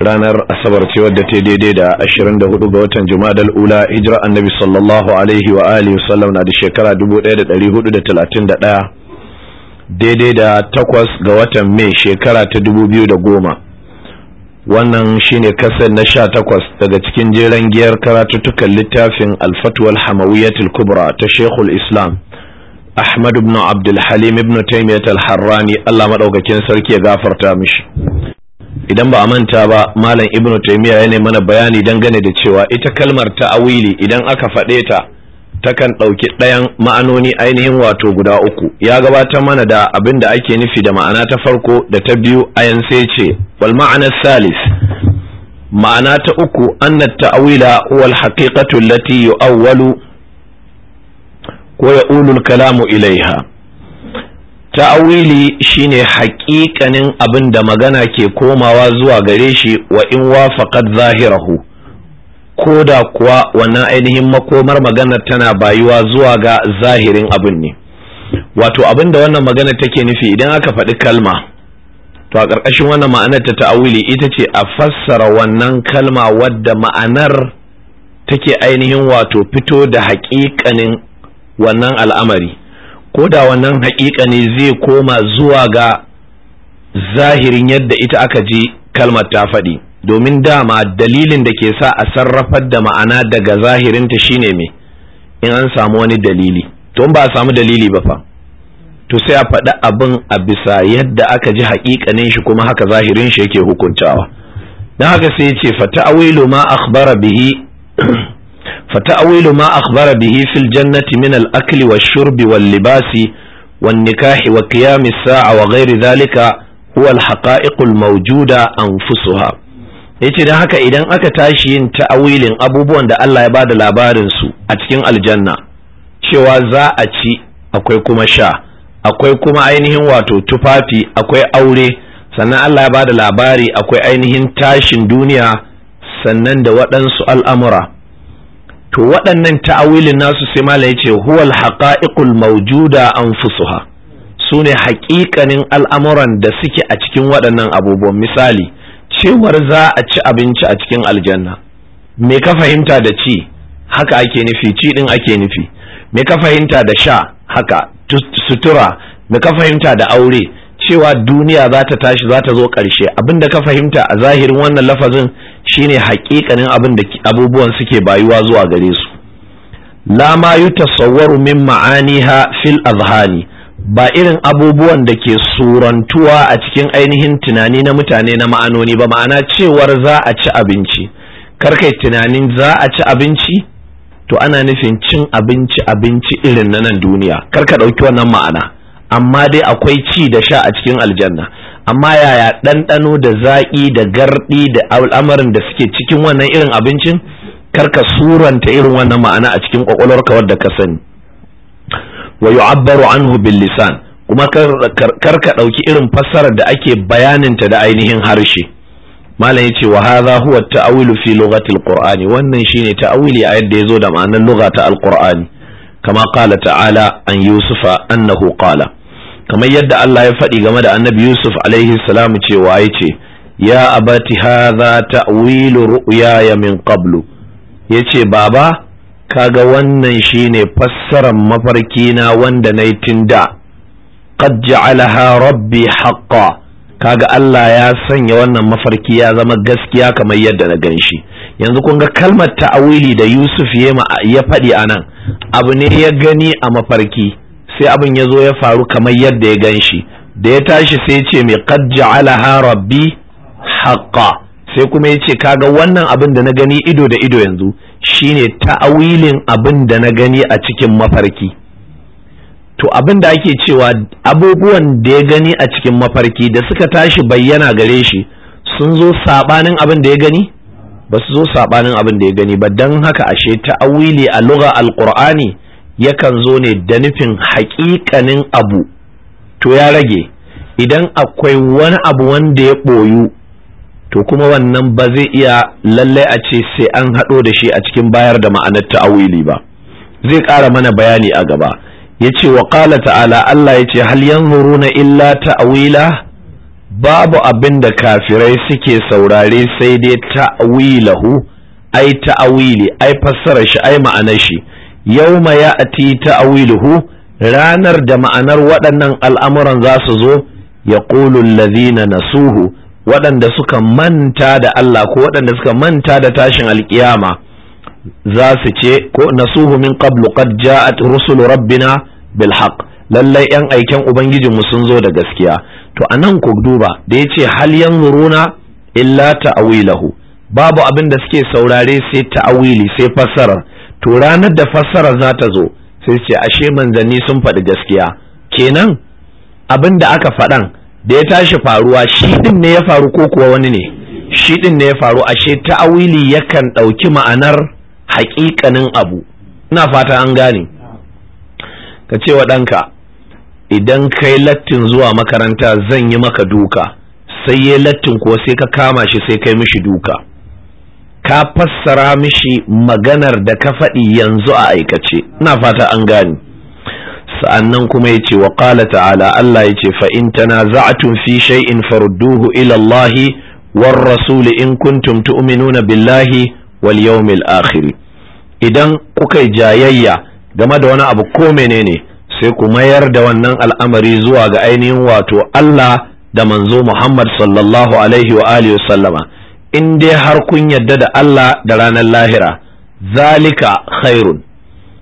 ranar asabar ce wadda ta daidai da 24 ga watan jumadal ula hijira annabi sallallahu alaihi wa alihi wasallam na da shekara 1431 daidai da takwas ga watan mai shekara ta 2010 wannan shine kasar na sha takwas daga cikin jeren giyar karatuttukan littafin alfatuwal hamawiyatul kubra ta shekul islam ahmad ibn abdulhalim ibn taimiyat al-harrani allah maɗaukakin sarki ya gafarta mishi idan ba a manta ba malam ibnu taymiya yana mana bayani dangane da cewa ita kalmar ta'awili idan aka faɗe ta takan ɗauki ɗayan ma'anoni ainihin wato guda uku ya gabatar mana da abin da ake nufi da ma'ana ta farko da ta biyu a sai ce wal ma'ana salis ma'ana ta uku anna ta'awila wal haqiqatu allati yu'awwalu ko ya'ulu al-kalamu ilaiha ta'awili shine haƙiƙanin abin da magana ke komawa zuwa gare shi wa in wafaqat zahirahu ko da kuwa wannan ainihin makomar magana tana bayuwa zuwa ga zahirin abin ne wato abin da wannan magana take nufi idan aka faɗi kalma to a ƙarƙashin wannan ma'anar ta ta'awili ita ce a fassara wannan kalma wadda ma'anar take ainihin wato fito da haƙiƙanin wannan al'amari ko da wannan haƙiƙa ne zai koma zuwa ga zahirin yadda ita aka ji kalmar ta faɗi domin dama dalilin da ke sa a sarrafar da ma'ana daga zahirinta shine me in an samu wani dalili to ba a samu dalili ba fa to sai a faɗi abin a bisa yadda aka ji haƙiƙanin shi kuma haka zahirin shi yake hukuntawa Na haka sai ce fata awilu ma akhbara bihi فتأويل ما أخبر به في الجنة من الأكل والشرب واللباس والنكاح وقيام الساعة وغير ذلك هو الحقائق الموجودة أنفسها yace don haka idan aka tashi yin ta'awilin abubuwan da Allah ya ba da labarinsu a cikin aljanna cewa za a ci akwai kuma sha akwai kuma ainihin wato tufafi akwai aure sannan Allah ya ba da labari akwai ainihin tashin duniya sannan da waɗansu al'amura to waɗannan ta'awilin nasu sai mala ya ce huwal haqa'iqul mawjuda anfusuha su ne haƙiƙanin al'amuran da suke a cikin waɗannan abubuwan misali cewar za a ci abinci a cikin aljanna me ka fahimta da ci haka ake nufi ci ɗin ake nufi me ka fahimta da sha haka sutura me ka fahimta da aure cewa duniya za ta tashi za ta zo ƙarshe abin da ka fahimta a zahirin wannan lafazin shine haƙiƙanin abin da abubuwan suke bayuwa zuwa gare su la ma yutasawwaru min ma'aniha fil azhani ba irin abubuwan da ke surantuwa a cikin ainihin tunani na mutane na ma'anoni ba ma'ana cewar za a ci abinci karkai tunanin za a ci abinci to ana nufin cin abinci abinci irin na nan duniya karka ɗauki wannan ma'ana amma dai akwai ci da sha a cikin aljanna amma yaya ɗanɗano da zaƙi da garɗi da al'amarin da suke cikin wannan irin abincin karka suranta irin wannan ma'ana a cikin kwakwalwarka wadda ka sani wa yu'abbaru anhu bil lisan kuma karka ɗauki irin fassarar da ake bayaninta da ainihin harshe malam yace wa hadha huwa ta'awilu fi lughati alqur'ani wannan shine ta'awili a yadda yazo da ma'anar lugha ta alqur'ani kama qala ta'ala an yusufa annahu qala kamar yadda Allah ya faɗi game da annabi Yusuf alaihi salamu cewa ya ce ya abati haza ta'wilu ru'ya ya min qablu ce, baba kaga wannan shine fassarar mafarki na wanda na tun da qad ja'alaha rabbi haƙƙa. kaga Allah ya sanya wannan mafarki ya zama gaskiya kamar yadda na ganshi. yanzu kun ga kalmar ta'awili da Yusuf ya faɗi a nan abu ne ya gani a mafarki sai abin ya zo ya faru kamar yadda ya gan shi da ya tashi sai ce mai qad ala rabbi haqqa sai kuma ya ce kaga wannan abin da na gani ido da ido yanzu shine ta'awilin abin da na gani a cikin mafarki to abin da ake cewa abubuwan da ya gani a cikin mafarki da suka tashi bayyana gare shi sun zo sabanin abin da ya gani ba su zo sabanin abin da ya gani ba don haka ashe ta'awili a lugha alqur'ani yakan zo ne da nufin haƙiƙanin abu to ya rage idan akwai wani abu wanda ya ɓoyu to kuma wannan ba zai iya lallai a ce sai an haɗo da shi a cikin bayar da ma'anar ta'awili ba zai ƙara mana bayani a gaba ya ce wa ƙala ta'ala Allah ya ce hal na illa ta'awila babu abin da kafirai suke saurare sai dai ta'awilahu ai ta'awili ai fassarar shi ai ma'anar shi yawma ya'ti ta'wiluhu ranar da ma'anar waɗannan al'amuran za su zo ya alladhina nasuhu waɗanda suka manta da Allah ko waɗanda suka manta da tashin alƙiyama za su ce ko nasuhu min qablu qad ja'at rusulu rabbina bil haqq lallai yan aiken mu sun zo da gaskiya to anan ku duba da yace hal yanzuruna illa ta'wilahu babu abin da suke saurare sai ta'wili sai fassarar to ranar da fassara za ta zo sai ce ashe manzanni sun faɗi gaskiya kenan abin da aka faɗan da ya tashi faruwa shi ɗin ne ya faru ko kuwa wani ne shi ɗin ne ya faru ashe ta'awili yakan ɗauki ma'anar haƙiƙanin abu ina fata an gane ka ce wa ɗanka idan kai lattin zuwa makaranta zan yi maka duka sai ya lattin kuwa sai ka kama shi sai kai mishi duka ka fassara mishi maganar da ka faɗi yanzu a aikace ina fata an gani sa'annan kuma ya ce wa ƙala ta'ala Allah ya ce fa'in tana za'atun fi shay'in farudduhu ilallahi war rasuli in kuntum tu'minuna billahi wal yawmil akhiri idan kuka jayayya game da wani abu ko menene sai ku mayar da wannan al'amari zuwa ga ainihin wato Allah da manzo Muhammad sallallahu alaihi wa alihi sallama in dai har kun yadda da Allah da ranar lahira zalika khairun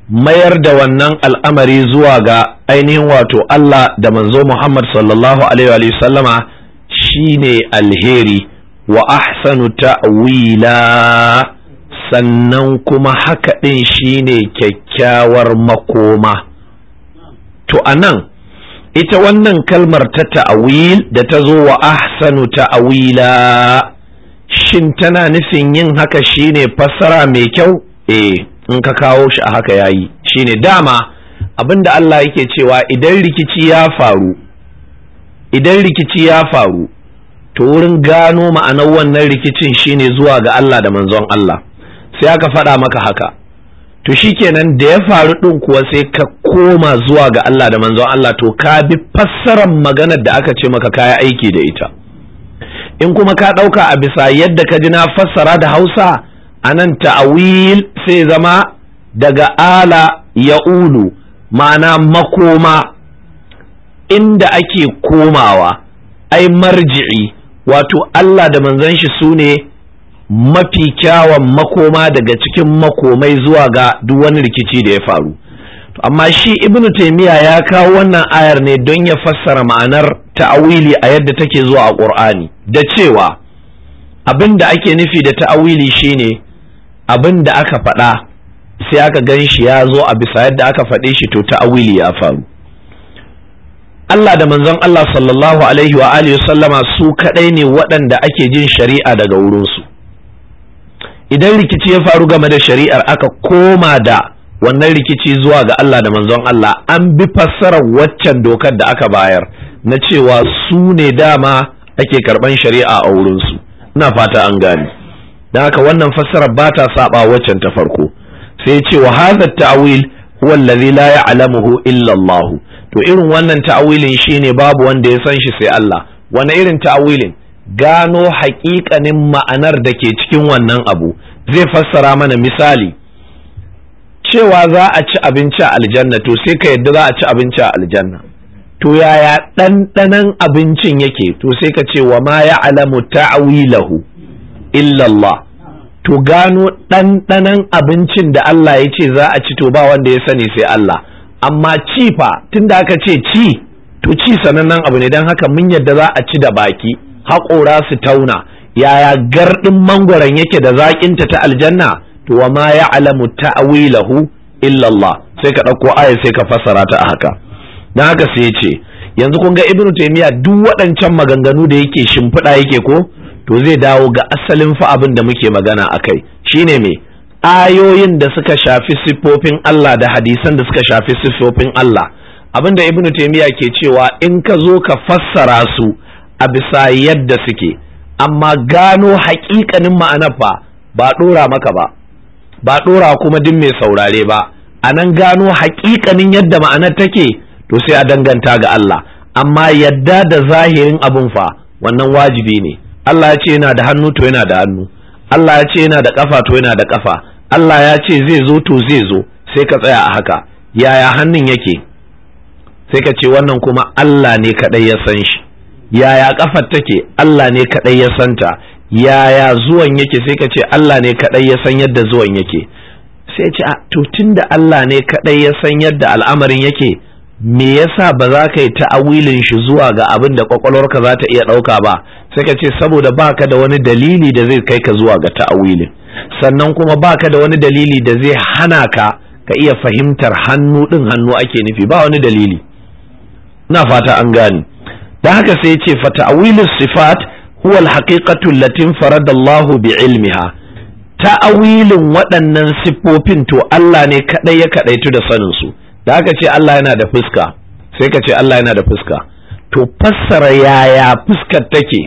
mayar da wannan al'amari zuwa ga ainihin wato Allah da manzo Muhammad sallallahu alaihi wa sallama shine alheri wa ahsanu ta'wila sannan kuma haka din shine kyakkyawar makoma to anan ita wannan kalmar ta ta'wil da ta zo wa ahsanu ta'wila shin tana nufin yin haka shine fassara mai kyau eh in ka kawo shi a haka yayi shine dama abinda Allah yake cewa idan rikici ya faru idan rikici ya faru to wurin gano ma'anar wannan rikicin shine zuwa ga Allah da manzon Allah sai aka faɗa maka haka to shikenan da ya faru ɗin kuwa sai ka koma zuwa ga Allah da manzon Allah to ka bi fassarar maganar da aka ce maka kaya aiki da ita in kuma ka ɗauka a bisa yadda ka ji na fassara da hausa a nan ta'awil sai zama daga ala ya ulu ma'ana makoma inda ake komawa ai marji'i wato Allah da manzon shi sune mafi kyawan makoma daga cikin makomai zuwa ga duk wani rikici da ya faru amma shi ibnu taymiya ya kawo wannan ayar ne don ya fassara ma'anar ta'awili a yadda take zuwa a qur'ani da cewa abin da ake nufi da ta'awili shine abin da aka faɗa sai aka gan shi ya zo a bisa yadda aka faɗe shi to ta'awili ya faru Allah da manzon Allah sallallahu alaihi wa alihi sallama su kadai ne waɗanda ake jin shari'a daga wurinsu idan rikici ya faru game da shari'ar aka koma da wannan rikici zuwa ga Allah da manzon Allah an bi fassarar waccan dokar da aka bayar na cewa su ne dama ake karban shari'a a wurinsu ina fata an gane don haka wannan fassarar ba ta saba waccan ta farko sai ce wa hadha ta'wil huwa alladhi la ya'lamuhu illa Allah to irin wannan ta'awilin shine babu wanda ya san shi sai Allah wani irin ta'awilin gano haƙiƙanin ma'anar da ke cikin wannan abu zai fassara mana misali cewa za a ci abinci a aljanna to sai ka yadda za a ci abinci a aljanna to yaya ɗanɗanan abincin yake to sai ka ce wa ma ya alamu ta'awilahu illallah to gano ɗanɗanan abincin da Allah ya ce za a ci to ba wanda ya sani sai Allah amma ci fa tunda aka ce ci to ci sanannen abu ne don haka mun yadda za a ci da baki haƙora su tauna yaya garɗin mangwaron yake da zaƙinta ta aljanna to wa ma ya'lamu ta'wilahu illa Allah sai ka dauko aya sai ka fassara ta haka dan haka sai yace yanzu kun ga ibnu taymiya duk waɗancan maganganu da yake shimfiɗa yake ko to zai dawo ga asalin fa abin da muke magana akai shine me ayoyin da suka shafi siffofin Allah da hadisan da suka shafi siffofin Allah abin da ibnu taymiya ke cewa in ka zo ka fassara su a bisa yadda suke amma gano haƙiƙanin ma'anar fa ba ɗora maka ba ba ɗora kuma duk mai saurare ba a nan gano haƙiƙanin yadda ma'anar take to sai a danganta ga Allah amma yadda da zahirin abun fa wannan wajibi ne Allah ya ce yana da hannu to yana da hannu Allah ya ce yana da kafa to yana da ƙafa Allah ya ce zai zo to zai zo sai ka tsaya a haka yaya hannun yake sai ka ce wannan kuma Allah ne kadai ya san shi yaya kafar take Allah ne kadai ya santa yaya zuwan yake sai ka ce Allah ne kadai ya san yadda zuwan yake sai ce a ah, to tunda Allah ne kaɗai ya san yadda al'amarin yake me yasa ba za ka yi ta'awilin shi zuwa ga abin da kwakwalwarka za ta iya ɗauka ba sai ka ce saboda baka da wani dalili da zai kai ka zuwa ga ta'awilin sannan kuma baka da wani dalili da zai hana ka ka iya fahimtar hannu ɗin hannu ake nufi ba wani dalili na fata an gane da haka sai ce fa sifat huwa al-haqiqatu allati faradallahu bi ilmiha ta'awilin waɗannan siffofin to Allah ne kadai ya kadaitu da sanin da aka ce Allah yana da fuska sai ka ce Allah yana da fuska to fassara yaya fuskar take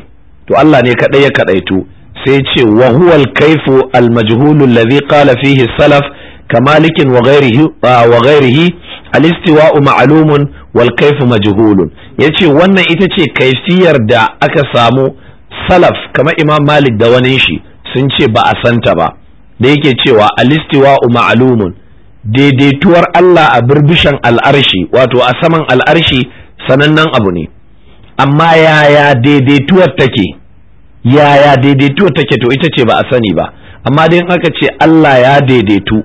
to Allah ne kadai ya kadaitu sai ce wa huwa al-kayfu al-majhulu alladhi qala fihi salaf كمالك وغيره وغيره الاستواء معلوم والكيف yace wannan ita ce kaifiyar da aka samu salaf kamar imam malik da wani shi sun ce ba a santa ba da yake cewa alistiwa ma'lumun daidaituwar Allah a birbishan al'arshi wato a saman al'arshi sanannen abu ne amma yaya daidaituwar take yaya daidaituwar take to ita ce ba a sani ba amma dai aka ce Allah ya daidaitu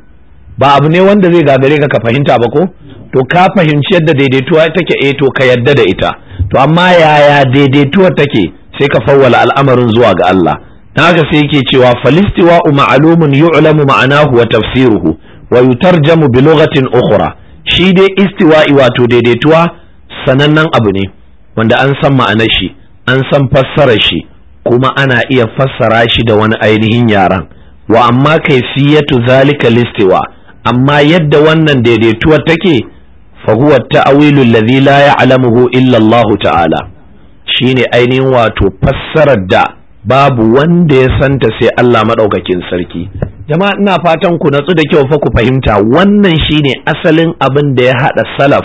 ba abu ne wanda zai gagare ka ka fahimta ba ko to ka fahimci yadda daidaituwa take eh to ka yadda da ita to amma yaya daidaituwar take sai ka fawwala al'amarin zuwa ga Allah dan haka sai yake cewa falistiwa'u ma'lumun yu'lamu ma'anahu wa tafsiruhu wa yutarjamu bi lughatin ukhra shi dai istiwa'i wato daidaituwa sanannen abu ne wanda an san ma'anar shi an san fassarar shi kuma ana iya fassara shi da wani ainihin yaran wa amma kaifiyatu zalika listiwa amma yadda wannan daidaituwa take fa huwa ta'awilul ladhi la ya'lamuhu illa Allah ta'ala shine ainihin wato fassarar da babu wanda ya santa sai Allah maɗaukakin sarki jama'a ina fatan ku natsu da kyau fa ku fahimta wannan shi ne asalin abin da ya haɗa salaf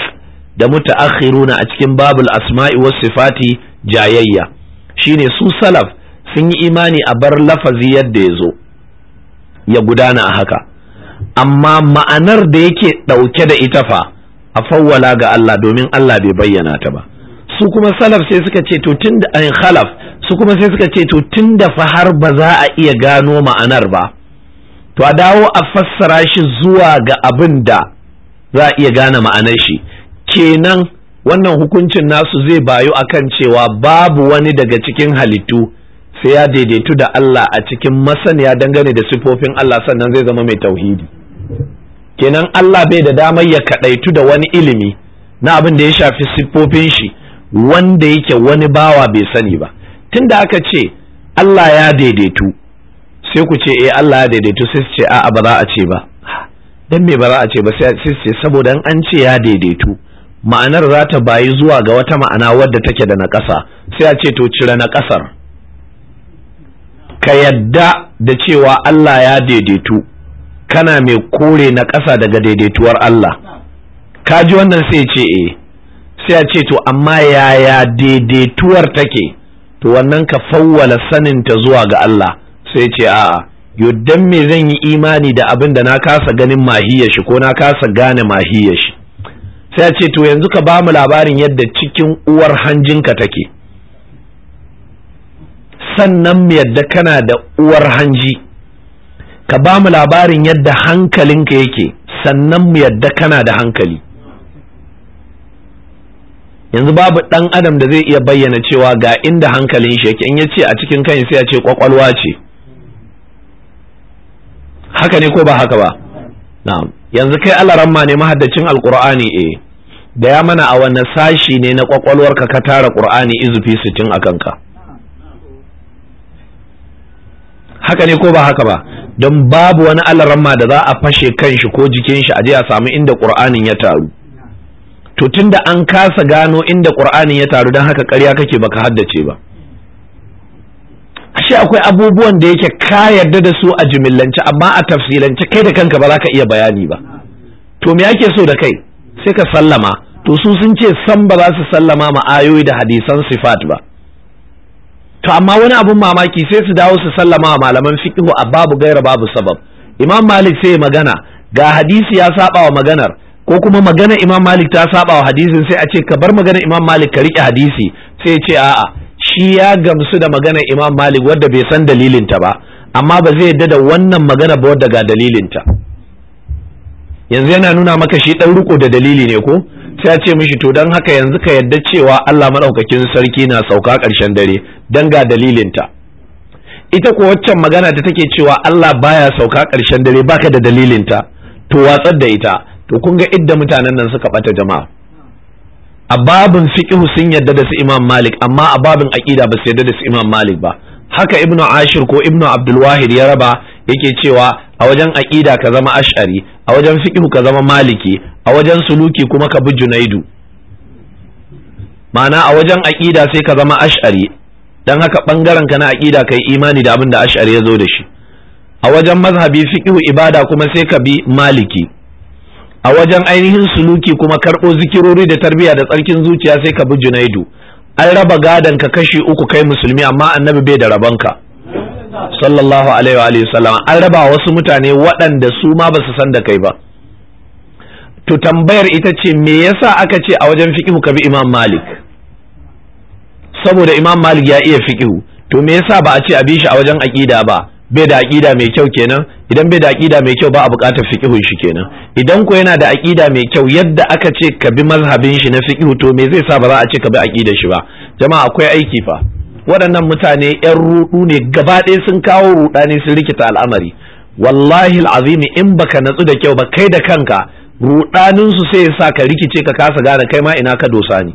da muta'akhiruna a cikin babul asma'i was sifati jayayya Shi ne su salaf sun yi imani a bar lafazi yadda ya zo ya gudana a haka amma ma'anar da yake ɗauke da ita fa a fawwala ga Allah domin Allah bai bayyana ta ba su kuma salaf sai suka ce to tun da ayin eh, khalaf su kuma sai suka ce to tun da fa har ba za a iya gano ma'anar ba to a dawo a fassara shi zuwa ga abin da za a iya gane ma'anar shi kenan wannan hukuncin nasu zai bayu akan cewa babu wani daga cikin halittu sai ya daidaitu da Allah a cikin masaniya dangane da sifofin Allah sannan zai zama mai tauhidi kenan Allah bai da damar ya kadaitu da wani ilimi na abin da ya shafi siffofin shi wanda yake wani bawa bai sani ba tunda aka ce Allah ya daidaitu sai ku ce eh Allah ya daidaitu sai su ce a'a ba za a ce ba dan me ba za a ce ba sai su ce saboda an ce ya daidaitu ma'anar za ta bayi zuwa ga wata ma'ana wadda take da na ƙasa sai a ce to cire na ƙasar. ka yadda da cewa Allah ya daidaitu kana mai kore na ƙasa daga daidaituwar Allah ka ji wannan sai ce eh sai a ce to amma yaya daidaituwar take to wannan ka fawwala saninta zuwa ga Allah sai ce a'a yo dan me zan yi imani da abin da na kasa ganin mahiyar shi ko na kasa gane mahiyar shi sai a ce to yanzu ka ba mu labarin yadda cikin uwar hanjinka take sannan mu yadda kana da uwar hanji ka ba mu labarin yadda hankalinka yake sannan mu yadda kana da hankali yanzu babu ɗan adam da zai iya bayyana cewa ga inda hankalin shi yake in ya ce a cikin kan sai ya ce kwakwalwa ce haka ne ko ba haka ba na'am yanzu kai alaramma ne mahaddacin alqur'ani eh da ya mana a wani sashi ne na kwakwalwar ka ka tara qur'ani izufi sittin a kanka haka ne ko ba haka ba don babu wani alaramma da za a fashe kanshi ko jikin shi a je a samu inda qur'anin ya taru to tunda an kasa gano inda qur'ani ya taru don haka ƙarya kake baka haddace ba ashe akwai abubuwan da yake ka yarda da su a jimillance amma a tafsilance kai da kanka ba za ka iya bayani ba to me ake so da kai sai ka sallama to su sun ce san ba za su sallama ma ayoyi da hadisan sifat ba to amma wani abun mamaki sai su dawo su sallama wa malaman fiqh a babu gaira babu sabab imam malik sai magana ga hadisi ya saba wa maganar ko kuma magana imam malik ta saba wa hadisin sai a ce ka bar magana imam malik ka riƙe hadisi sai ce a'a shi ya gamsu da magana imam malik wadda bai san dalilinta ba amma ba zai yadda da wannan magana ba wadda ga dalilinta yanzu yana nuna maka shi ɗan riko da dalili ne ko sai a ce mishi to don haka yanzu ka yadda cewa Allah maɗaukakin sarki na sauka ƙarshen dare don ga dalilinta ita ko waccan magana ta take cewa Allah baya sauka ƙarshen dare baka da dalilinta to watsar da ita to kun ga idda mutanen nan suka bata jama'a a babin fiqhu sun yadda da su Imam Malik amma a babin aqida ba su yadda da su Imam Malik ba haka Ibn Ashir ko Ibn Abdul Wahid ya raba yake cewa a wajen aqida ka zama Ash'ari a wajen fiqhu ka zama Maliki a wajen suluki kuma ka bi Junaidu ma'ana a wajen aqida sai ka zama Ash'ari dan haka bangaren ka na aqida kai imani da abin da Ash'ari ya zo da shi a wajen mazhabi fiqhu ibada kuma sai ka bi Maliki a wajen ainihin suluki kuma karɓo zikirori da tarbiyya da tsarkin zuciya sai ka bi junaidu an raba gadon ka kashi uku kai musulmi amma annabi bai da rabanka sallallahu alaihi wa sallam an raba wasu mutane waɗanda su ma ba su san da kai ba to tambayar ita ce me yasa aka ce a wajen fiqhu ka bi imam malik saboda imam malik ya iya fiqhu to me yasa ba a ce a bi shi a wajen aqida ba bai da aƙida mai kyau kenan idan bai da aƙida mai kyau ba a buƙatar fiƙihun shi kenan idan ko yana da aƙida mai kyau yadda aka ce ka bi mazhabin shi na fiƙihu to me zai sa ba za a ce ka bi aƙidar shi ba jama'a akwai aiki fa waɗannan mutane yan ruɗu ne gaba ɗaya sun kawo rudani sun rikita al'amari wallahi al'azim in baka natsu da kyau ba kai da kanka rudanin su sai ya sa ka rikice ka kasa gane kai ma ina ka dosa ni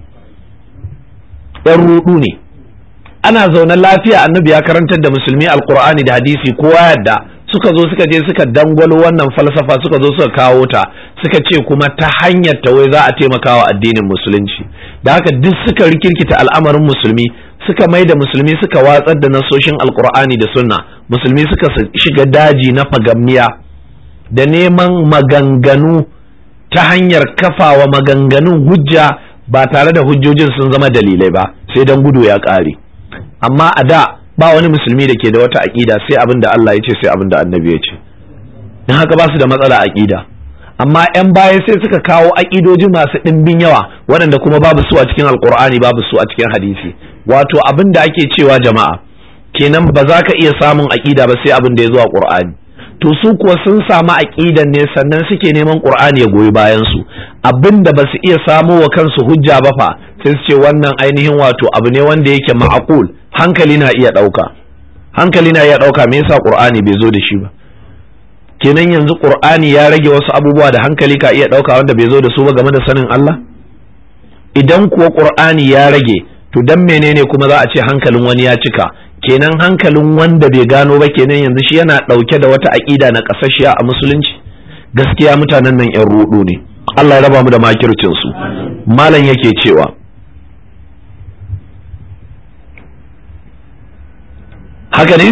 yan ruɗu ne ana zaune lafiya annabi ya karantar da musulmi Alkur'ani da hadisi kowa yadda suka zo suka je suka dangwalo wannan falsafa suka zo suka kawo ta suka ce kuma ta hanyar ta wai za a taimaka wa addinin musulunci da haka duk suka rikirkita al'amarin musulmi suka mai da musulmi suka watsar da nasoshin alkur'ani da sunna musulmi suka shiga daji na fagamniya da neman maganganu ta hanyar kafawa maganganun hujja ba tare da hujjojin sun zama dalilai ba sai dan gudu ya ƙare. amma a da ba wani musulmi da ke da wata aƙida sai abin da Allah ya ce sai abin da annabi ya ce don haka ba su da matsala aƙida amma 'yan baya sai suka kawo aƙidoji masu ɗimbin yawa waɗanda kuma babu su a cikin alƙur'ani babu su a cikin hadisi wato abin da ake cewa jama'a kenan ba za ka iya samun aƙida ba sai abin da ya zo a ƙur'ani to su kuwa sun samu aqidan ne sannan suke neman qur'ani ya goyi bayan su abinda ba su iya samo wa kansu hujja ba fa sai su ce wannan ainihin wato abu ne wanda yake ma'aqul hankali na iya dauka hankali na iya dauka me yasa qur'ani bai zo da shi ba kenan yanzu qur'ani ya rage wasu abubuwa da hankali ka iya ɗauka wanda bai zo da su ba game da sanin Allah idan kuwa qur'ani ya rage to dan menene kuma za a ce hankalin wani ya cika kenan hankalin wanda bai gano ba kenan yanzu shi yana ɗauke da wata aƙida na ƙasashiya a musulunci gaskiya mutanen nan yan ruɗu ne Allah ya raba mu da makircin su malam yake cewa haka ne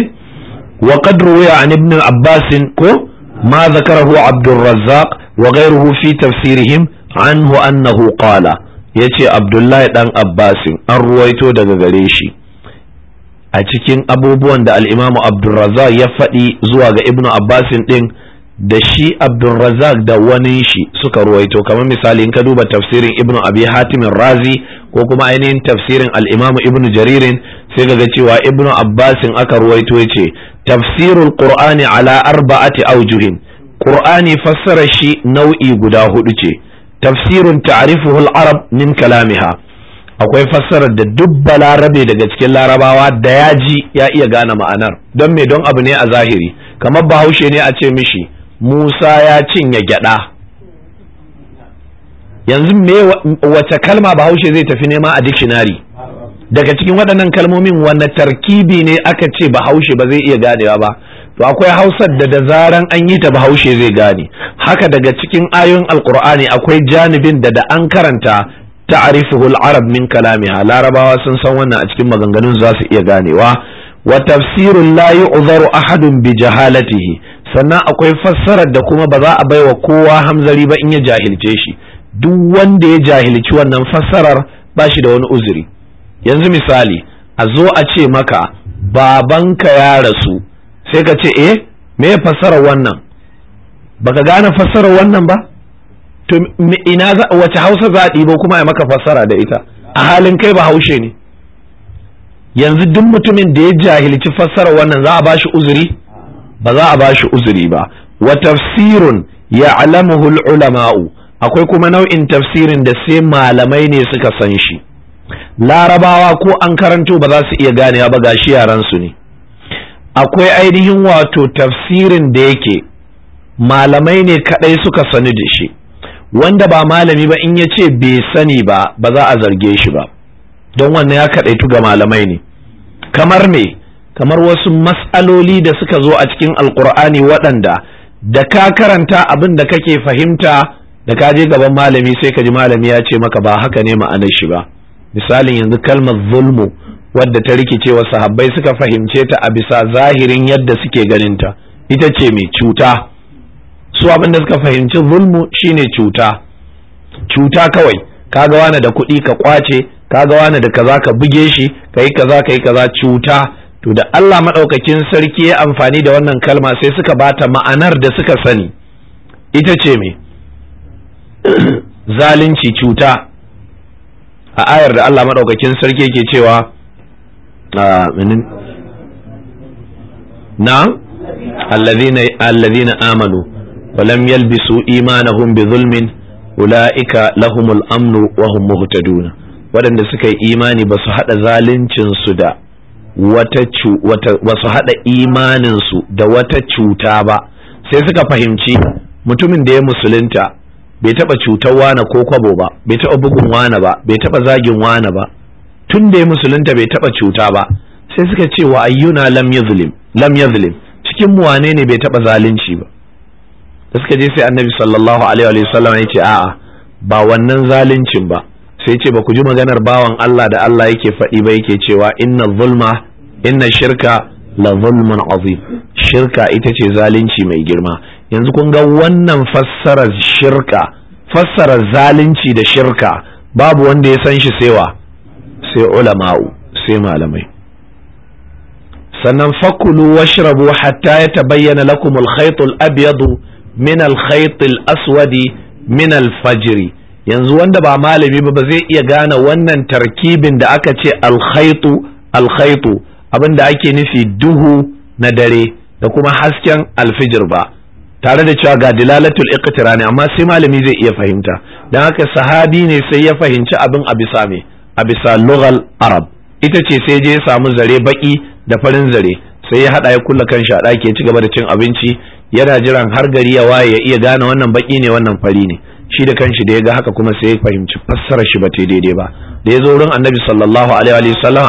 wa qadru ya an ibn abbas ko ma zakarahu abdul razzaq wa ghayruhu fi tafsirihim anhu annahu qala yace abdullahi dan abbasin an ruwaito daga gare shi a cikin abubuwan da al'imamu abdulrazak ya faɗi zuwa ga ibnu abbasin ɗin da shi abdulrazak da wani shi suka ruwaito kamar misali in ka duba tafsirin ibnu abi hatimin razi ko kuma ainihin tafsirin al'imamu ibnu jaririn sai ga cewa ibnu abbasin aka ruwaito ya ce tafsirul qur'ani ala arba'ati aujuhin qur'ani fassara shi nau'i guda hudu ce tafsirun ta'rifuhu al-arab min kalamiha akwai fassarar da duk balarabe daga cikin larabawa da ya ji ya iya gane ma'anar don me don abu ne a zahiri kamar bahaushe ne a ce mishi musa ya cinye gyada yanzu me wace kalma bahaushe zai tafi nema a dikshinari daga cikin waɗannan kalmomin wanne tarkibi ne aka ce bahaushe ba zai iya ganewa ba to akwai hausar da da zaran an yi ta bahaushe zai gane haka daga cikin ayoyin alkur'ani akwai janibin da da an karanta تعرفه العرب من كلامها لا larabawa sun san wannan a cikin maganganun za su iya ganewa wa tafsirun la yu'zaru ahadun bi jahalatihi sannan akwai fassarar da kuma ba za a baiwa kowa hamzari ba in ya jahilce shi duk wanda ya jahilci wannan fassarar ba shi da wani uzuri yanzu misali a zo a ce maka babanka ya rasu sai ka ce eh me fassarar wannan baka gane fassarar wannan ba to ina wace hausa za a ɗibo kuma ya maka fassara da ita a halin kai ba haushe ne yanzu duk mutumin da ya jahilci fassara wannan za a bashi uzuri ba za a bashi uzuri ba wa tafsirun ya'lamuhu ulama'u akwai kuma nau'in tafsirin da sai malamai ne suka san shi larabawa ko an karanto ba za su iya ganewa ba gashi yaran su ne akwai ainihin wato tafsirin da yake malamai ne kadai suka sani da shi wanda ba malami ba in ya ce bai sani ba ba za a zarge shi ba don wannan ya kaɗaitu ga malamai ne kamar me kamar wasu mas'aloli da suka zo a cikin alkur'ani waɗanda da ka karanta abin da kake fahimta da ka je gaban malami sai ka ji malami ya ce maka ba haka ne ma'anar shi ba misalin yanzu kalmar zulmu wadda ta rikice wa sahabbai suka fahimce ta a bisa zahirin yadda suke ganinta ita ce mai cuta su abin da suka fahimci zulmu shine cuta cuta kawai kaga wani da kuɗi ka kwace kaga wani da kaza ka buge shi kai kaza kai kaza cuta to da Allah madaukakin sarki ya amfani da wannan kalma sai suka bata ma'anar da suka sani ita ce me zalunci cuta a ayar da Allah madaukakin sarki yake cewa na allazina amanu ولم يلبسوا إيمانهم zulmin, أولئك لهم الأمن وهم مهتدون waɗanda suka yi imani ba su haɗa zaluncinsu da ba su haɗa imaninsu da wata cuta ba sai suka fahimci mutumin da ya musulunta bai taɓa cutar wane ko kwabo ba bai taɓa bugun wane ba bai taɓa zagin wana ba tun da ya musulunta bai taɓa cuta ba sai suka ce wa ayyuna lam yazlim cikin mu wanene bai taɓa zalunci ba da suka je sai annabi sallallahu alaihi wa sallam ya ce a'a ba wannan zaluncin ba sai ce ba ku ji maganar bawan Allah da Allah yake faɗi ba yake cewa inna zulma inna shirka la zulmun azim shirka ita ce zalunci mai girma yanzu kun ga wannan fassara shirka fassara zalunci da shirka babu wanda ya san shi sewa sai ulama'u sai malamai sannan fakulu washrabu hatta ya tabayyana lakum al-khayt min al aswadi min al yanzu wanda ba malami ba ba zai iya gane wannan tarkibin da aka ce alkhaitu alkhaitu abin da ake nufi duhu na dare da kuma hasken alfijir ba tare da cewa ga dilalatul iqtira ne amma sai malami zai iya fahimta dan haka sahabi ne sai ya fahimci abin a bisa me a bisa lughal arab ita ce sai je ya samu zare baki da farin zare sai ya hada ya kulla kan shi a ɗaki ya ci gaba da cin abinci yana jiran har gari ya waye ya iya gane wannan baki ne wannan fari ne shi da kanshi da ya ga haka kuma sai ya fahimci fassara shi ba ta daidai ba da ya zo wurin annabi sallallahu alaihi wa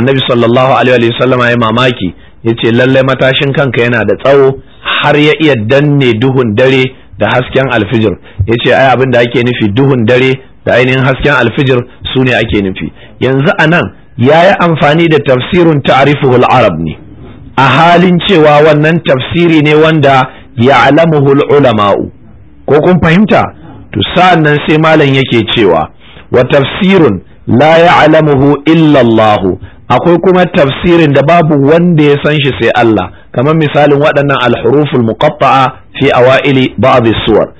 annabi sallallahu alaihi wa ya mamaki ya ce lallai matashin kanka yana da tsawo har ya iya danne duhun dare da hasken alfijir ya ce ai abin da ake nufi duhun dare da ainihin hasken alfijir su ne ake nufi yanzu a nan ya yi amfani da tafsirin ta'arifuhul arab ne a halin cewa wannan tafsiri ne wanda ya ya'lamuhu ulama'u ko kun fahimta to nan sai malam yake cewa wa tafsirun la ya'lamuhu illa illallahu akwai kuma tafsirin da babu wanda ya san shi sai Allah kamar misalin waɗannan alhuruful huruful muqatta'a fi awaili ba'd suwar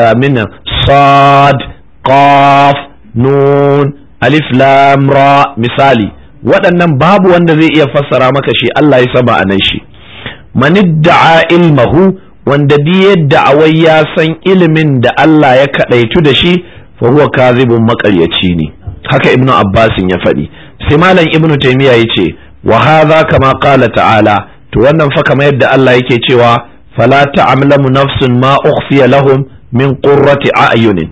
eh, sad qaf nun alif lam misali waɗannan babu wanda zai iya fassara maka shi Allah ya saba anan shi manidda'a ilmahu wanda bi da'awai ya san ilimin da Allah ya kadaitu da shi fa huwa kazibun maƙaryaci ne haka ibnu abbasin ya faɗi sai malam ibnu taymiya yace wa hadha kama qala ta'ala to wannan fa kamar yadda Allah yake cewa fala ta'amlamu nafsun ma ukhfiya lahum min qurrati a'yunin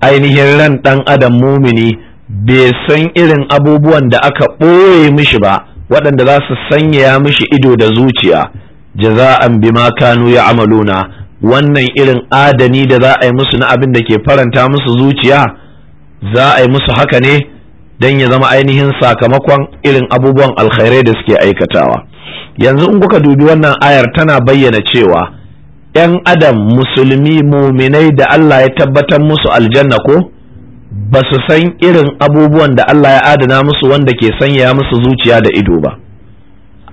ainihin ran dan adam mumini bai san irin abubuwan da aka ɓoye mishi ba waɗanda za su sanyaya mishi ido da zuciya jaza'an ma kanu ya amaluna wannan irin adani da za a yi musu na abin da ke faranta musu zuciya za a yi musu haka ne don ya zama ainihin sakamakon irin abubuwan alkhairai da suke aikatawa yanzu in kuka dubi wannan ayar tana bayyana cewa 'yan adam musulmi muminai da Allah ya tabbatar musu aljanna ko ba su san irin abubuwan da Allah ya adana musu wanda ke sanya musu zuciya da ido ba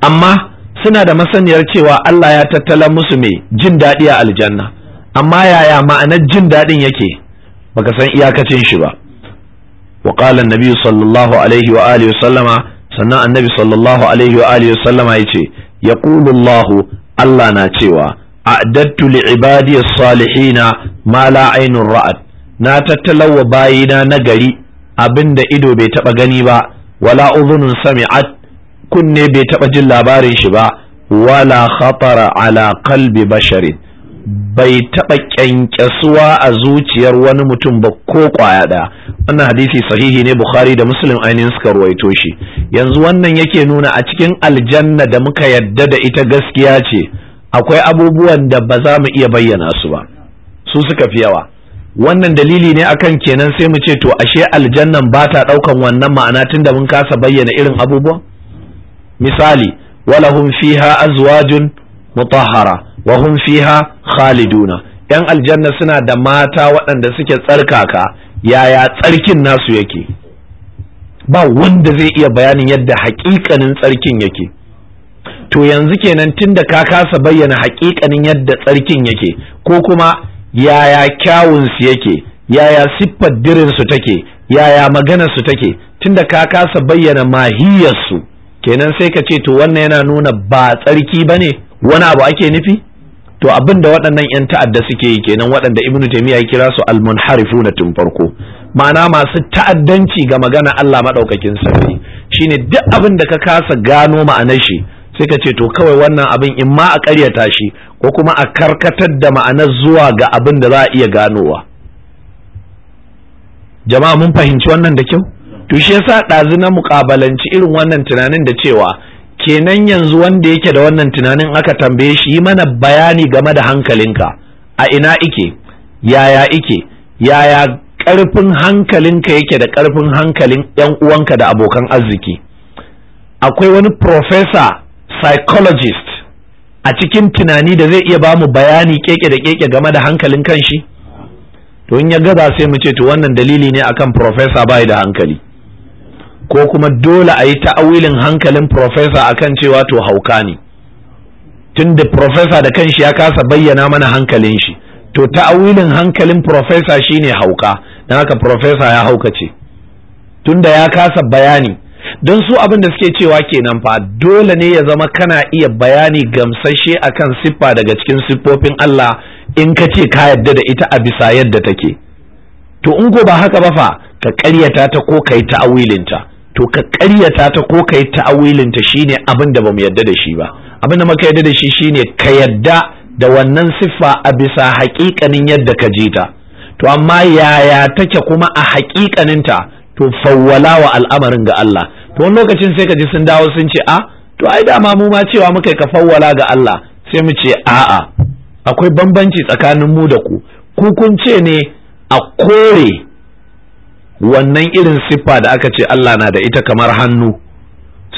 amma suna da masaniyar cewa Allah ya tattala musu mai jin daɗi a aljanna amma yaya ma'anar jin daɗin yake baka san iyakacin shi ba wa qala annabi sallallahu alaihi wa alihi wa sallama sannan annabi sallallahu alaihi wa alihi wa sallama yace yaqulu Allah Allah na cewa a'dattu li ibadi as-salihina ma la ra'at na tattalawa bayina na gari abin ido bai taɓa gani ba wala uzunun sami'at kunne bai taɓa jin labarin shi ba wala khatara ala kalbi basharin bai taɓa ƙyanƙyasuwa a zuciyar wani mutum ba ko ƙwaya ɗaya wannan hadisi sahihi ne bukhari da muslim ainihin suka ruwaito shi yanzu wannan yake nuna a cikin aljanna da muka yadda da ita gaskiya ce akwai abubuwan da ba za mu iya bayyana su ba su suka fi yawa wannan dalili ne akan kenan sai mu ce to ashe aljannan ba ta ɗaukan wannan ma'ana tunda mun kasa bayyana irin abubuwa misali walahum fiha azwajun mutahhara wa hum fiha khaliduna yan aljanna suna da mata waɗanda suke tsarkaka yaya tsarkin nasu yake ba wanda zai iya bayanin yadda haƙiƙanin tsarkin yake to yanzu kenan tunda ka kasa bayyana haƙiƙanin yadda tsarkin yake ko kuma yaya kyawunsu yake yaya siffar dirinsu take yaya maganarsu take tunda ka kasa bayyana mahiyarsu kenan sai ka ce to wannan yana nuna ba tsarki ba ne wani abu ake nufi to abin da waɗannan 'yan ta'adda suke yi kenan waɗanda ibnu taymiya ya kira su na tun farko ma'ana masu ta'addanci ga magana Allah maɗaukakin sarki shine duk abin da ka kasa gano ma'anar shi sai ka ce to kawai wannan abin in ma a karyata shi ko kuma a karkatar da ma'anar zuwa ga abin da za a iya ganowa jama'a mun fahimci wannan da kyau to shi yasa ɗazu na mukabalanci irin wannan tunanin da cewa kenan yanzu wanda yake da wannan tunanin aka tambaye shi yi mana bayani game da hankalinka a ina ike yaya ike yaya ƙarfin hankalinka yake da ƙarfin hankalin 'yan uwanka da abokan arziki akwai wani profesa psychologist a cikin tunani da zai iya bamu bayani keke da keke game da hankalin kanshi to in ya gaza sai mu ce to wannan dalili ne akan professor bai da hankali ko kuma dole a yi ta'awilin hankalin professor akan cewa to hauka ne tun da professor da kanshi ya kasa bayyana mana hankalin shi to ta'awilin hankalin professor shine hauka don haka professor ya haukace Tunda ya kasa bayani don su abin da suke cewa kenan fa dole ne ya zama kana iya bayani gamsashe akan siffa daga cikin siffofin Allah in ka ce ka yadda da ita a bisa yadda take to in ko ba haka ba fa ka ƙaryata ta ko kai ta'awilinta to ka ƙaryata ta ko kai ta'awilinta shine abin da bamu yadda da shi ba abin da muka yadda da shi shine ka yadda da wannan siffa a bisa haƙiƙanin yadda ka ji ta to amma yaya take kuma a haƙiƙaninta to fawwala wa al'amarin ga Allah to wani lokacin sai ka ji sun dawo sun ce a ah, to ai dama mu ma cewa muka ka fawwala ga Allah sai mu ce a'a akwai bambanci tsakanin mu da ku ku kun ce ne a kore wannan irin siffa da aka ce Allah na da ita kamar hannu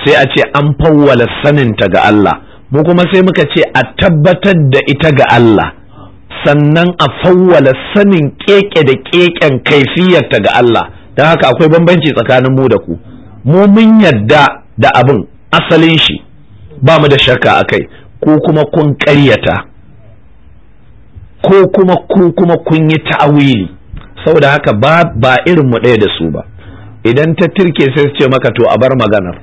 sai a ce an fawwala saninta ga Allah mu kuma sai muka ce a tabbatar da ita ga Allah sannan a fawwala sanin keke da keken kaifiyarta ga Allah don haka akwai bambanci tsakanin mu da ku mu mun yadda da abin asalin shi ba mu da shakka kai ko kuma kun ƙaryata ko kuma ku kuma kun yi ta'awili saboda haka ba irin mu ɗaya da su ba idan ta tirke sai su ce maka to a bar maganar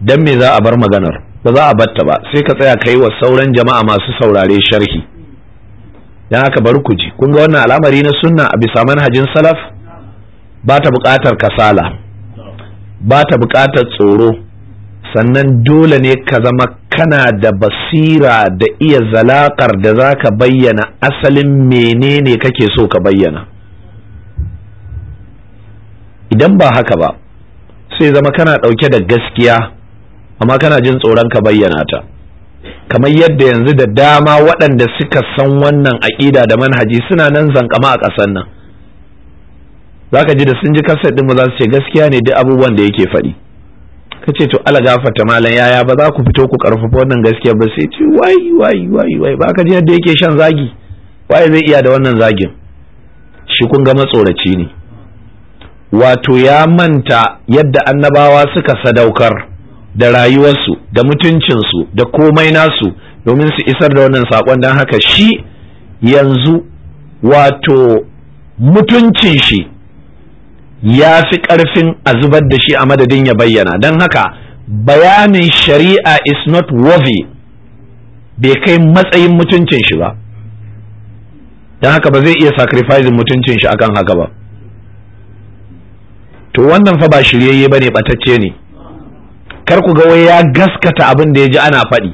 don me za a bar maganar ba za a batta ba sai ka tsaya ka yi wa sauran jama'a masu saurare sharhi Don haka bari ku ji kun ga wannan al'amari na sunna a bisa manhajin salaf ba ta buƙatar kasala ba ta buƙatar tsoro sannan dole ne ka zama kana da basira da iya zalakar da za ka bayyana asalin menene kake so ka bayyana idan ba haka ba sai zama kana ɗauke da gaskiya amma kana jin tsoron ka bayyana ta kamar yadda yanzu da dama waɗanda suka san wannan aƙida da manhaji suna nan zankama a ƙasar nan Za ka ji da sun ji kasar din ba za su ce gaskiya ne duk abubuwan da yake faɗi Ka ce to ala gafarta malam yaya ba za ku fito ku karfafa wannan gaskiya ba sai ce wai wai wai wai ba ka ji yadda yake shan zagi wai zai iya da wannan zagin shi kun ga matsoraci ne wato ya manta yadda annabawa suka sadaukar da rayuwarsu da mutuncinsu da komai nasu domin su isar da wannan saƙon don haka shi yanzu wato mutuncin shi ya fi ƙarfin a zubar da shi a madadin ya bayyana don haka bayanin shari'a is not worthy bai kai matsayin mutuncin shi ba don haka ba zai iya sacrificing mutuncin shi akan haka ba to wannan fa ba shiryayye ba ne ɓatacce ne kar ku ga wai ya gaskata abin da ya ji ana faɗi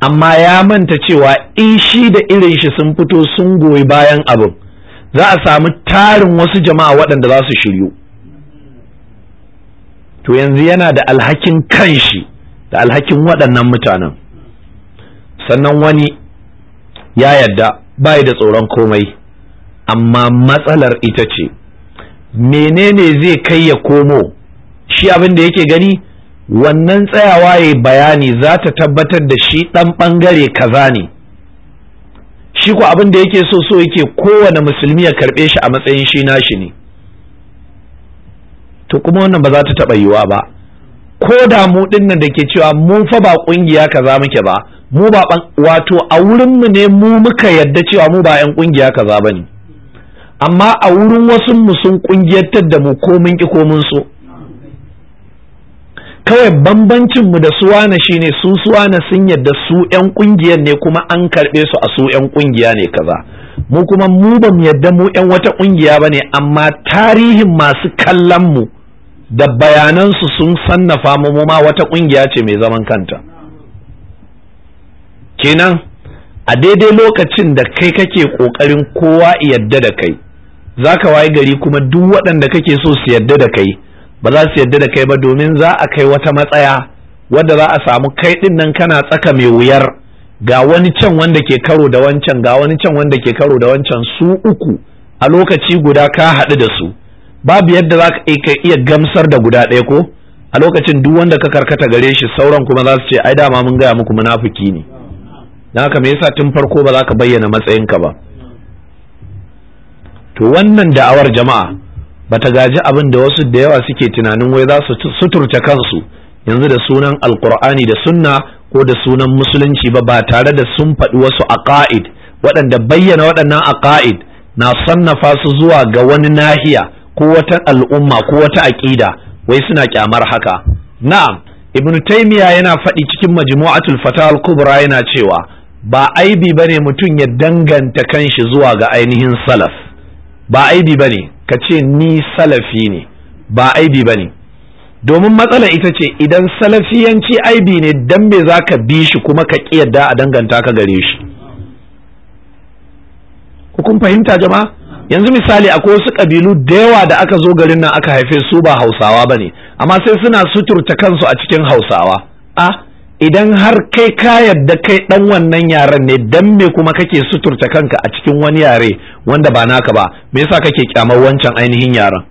amma ya manta cewa in shi da irin shi sun fito sun goyi bayan abin za a samu tarin wasu jama'a waɗanda za su shiryu to yanzu yana da alhakin kanshi da alhakin waɗannan mutanen sannan wani ya yadda bai da tsoron komai amma matsalar ita ce menene zai kai ya komo shi abin da yake gani wannan tsayawa ya bayani za ta tabbatar da shi ɗan ɓangare kaza ne shi ko abin da yake so so yake kowane musulmi ya karɓe shi a matsayin shi nashi ne to kuma wannan ba za ta taɓa yiwa ba ko da mu dinnan da ke cewa mu fa ba ƙungiya kaza muke ba mu ba wato a wurin mu ne mu muka yadda cewa mu ba 'yan ƙungiya kaza ba ne amma a wurin wasu mu sun kungiyar da mu ko mun ki ko mun so kawai bambancin mu da suwana shine su suwana sun yadda su yan kungiyar ne kuma an karbe su a su yan kungiya ne kaza mu kuma mu ba mu yadda mu yan wata kungiya bane amma tarihin masu kallon mu da bayanansu sun sannafa mu ma wata kungiya ce mai zaman kanta kenan a daidai lokacin da kai kake kokarin kowa yadda da kai zaka waye gari kuma duk waɗanda kake so su yadda da kai ba za su yadda da kai ba domin za a kai wata matsaya wadda za a samu kai din nan kana tsaka mai wuyar ga wani can wanda ke karo da wancan ga wani can wanda ke karo da wancan su uku a lokaci guda ka haɗu da su babu yadda za ka iya gamsar da guda ɗaya ko a lokacin duk wanda ka karkata gare shi sauran kuma za su ce ai dama mun gaya muku munafiki ne don haka me yasa tun farko ba za ka bayyana matsayinka ba to wannan da'awar jama'a bata gaji abin da wasu da yawa suke tunanin wai za su suturta kansu yanzu da sunan alkur'ani da sunna ko da sunan musulunci ba ba tare da sun faɗi wasu aqaid waɗanda bayyana waɗannan aqaid na sannafa su zuwa ga wani nahiya ko wata al'umma ko wata aƙida wai suna kyamar haka na'am ibn taymiya yana faɗi cikin majmu'atul fatawal kubra yana cewa ba aibi bane mutum ya danganta kanshi zuwa ga ainihin salaf ba aibi bane ka ce ni salafi ne ba aibi ba ne domin matsalar ita ce idan salafiyanci aibi ne dan me za ka bi shi kuma ka yadda a danganta ka gare shi kun fahimta jama yanzu misali akwai wasu ƙabilu da yawa da aka zo garin nan aka haife su ba hausawa ba ne amma sai suna suturta kansu a cikin hausawa a idan har kai ka yadda kai ɗan wannan yaren ne dan me kuma kake suturta kanka a cikin wani yare wanda ba naka ba me yasa kake kyamar wancan ainihin yaran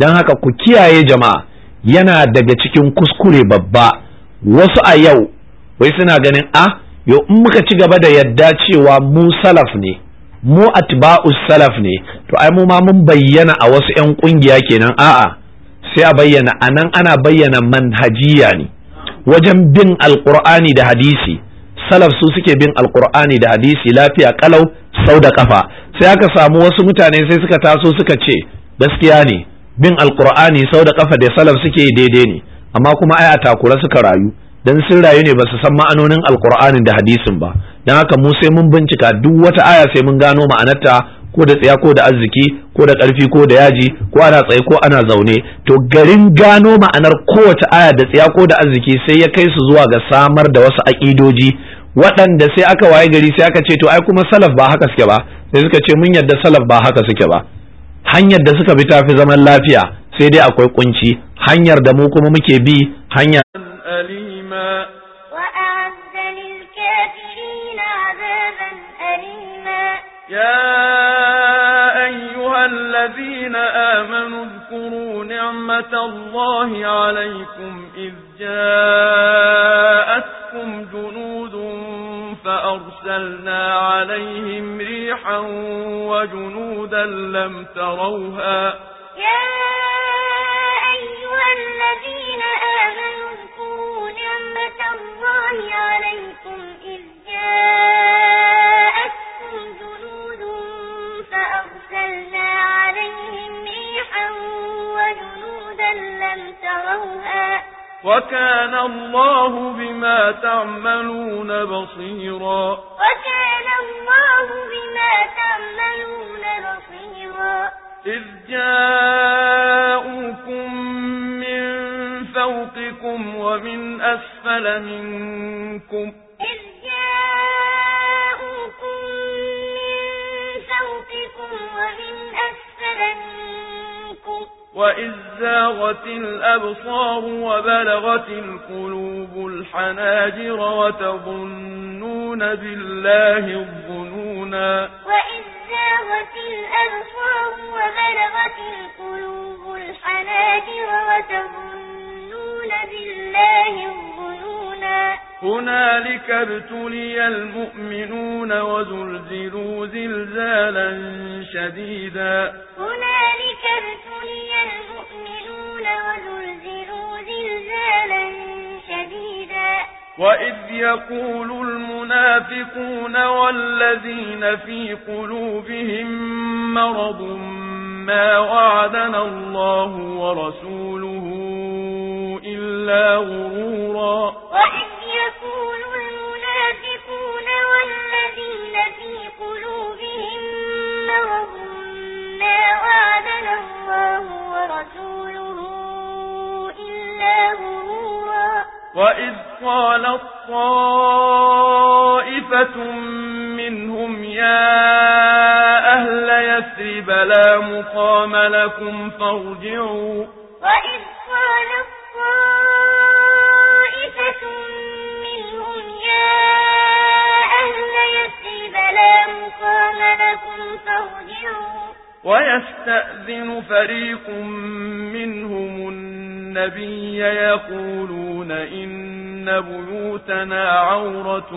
dan haka ku kiyaye jama'a yana daga cikin kuskure babba wasu a yau wai suna ganin a ah, yo in muka ci gaba da yadda cewa mu salaf ne mu atba'us salaf ne to ai mu ma mun bayyana a wasu 'yan kungiya kenan a'a sai a bayyana anan ana bayyana manhajiya ne wajen bin alqur'ani da hadisi salaf su suke bin alqur'ani da hadisi lafiya kalau sau da kafa sai aka samu wasu mutane sai suka taso suka ce gaskiya ne bin alkur'ani sau da kafa da salaf suke daidai ne amma kuma ai a takura suka rayu dan sun rayu ne ba su san ma'anonin alkur'ani da hadisin ba dan haka mu sai mun bincika duk wata aya sai mun gano ma'anarta ko da tsaya ko da arziki ko da ƙarfi ko da yaji ko ana tsaye ko ana zaune to garin gano ma'anar kowace aya da tsaya ko da arziki sai ya kai su zuwa ga samar da wasu aƙidoji waɗanda sai aka waye gari sai aka ce to ai kuma salaf ba haka suke ba sai suka ce mun yadda salaf ba haka suke ba hanyar da suka bi ta fi zaman lafiya sai dai akwai kunci hanyar da mu kuma muke bi hanyar. يا الله عليكم إذ جاءت جاءتهم جنود فأرسلنا عليهم ريحا وجنودا لم تروها يا أيها الذين آمنوا اذكروا نعمة الله عليكم إذ جاءتكم جنود فأرسلنا عليهم ريحا وجنودا لم تروها وكان الله بما تعملون بصيرا وكان الله بما تعملون بصيرا إذ جاءوكم من فوقكم ومن أسفل منكم إذ جاءوكم من فوقكم ومن أسفل منكم وإذ زاغت الأبصار وبلغت القلوب الحناجر وتظنون بالله الظنونا وإذ زاغت الأبصار وبلغت القلوب الحناجر وتظنون بالله الظنونا هنالك ابتلي المؤمنون وزلزلوا زلزالا شديدا هنالك ابتلي المؤمنون وزلزلوا زلزالا شديدا وإذ يقول المنافقون والذين في قلوبهم مرض ما وعدنا الله ورسوله إلا غرورا وإذ يقول المنافقون والذين في قلوبهم مرض ما وعدنا الله ورسوله إلا غرورا وإذ قالت طائفة منهم يا أهل يثرب لا مقام لكم فارجعوا وإذ قالت طَائِفَةٌ مِّنْهُمْ يَا أَهْلَ يَثْرِبَ لَا مُقَامَ لَكُمْ فَارْجِعُوا وَيَسْتَأْذِنُ فَرِيقٌ مِّنْهُمُ النَّبِيَّ يَقُولُونَ إِنَّ بُيُوتَنَا عَوْرَةٌ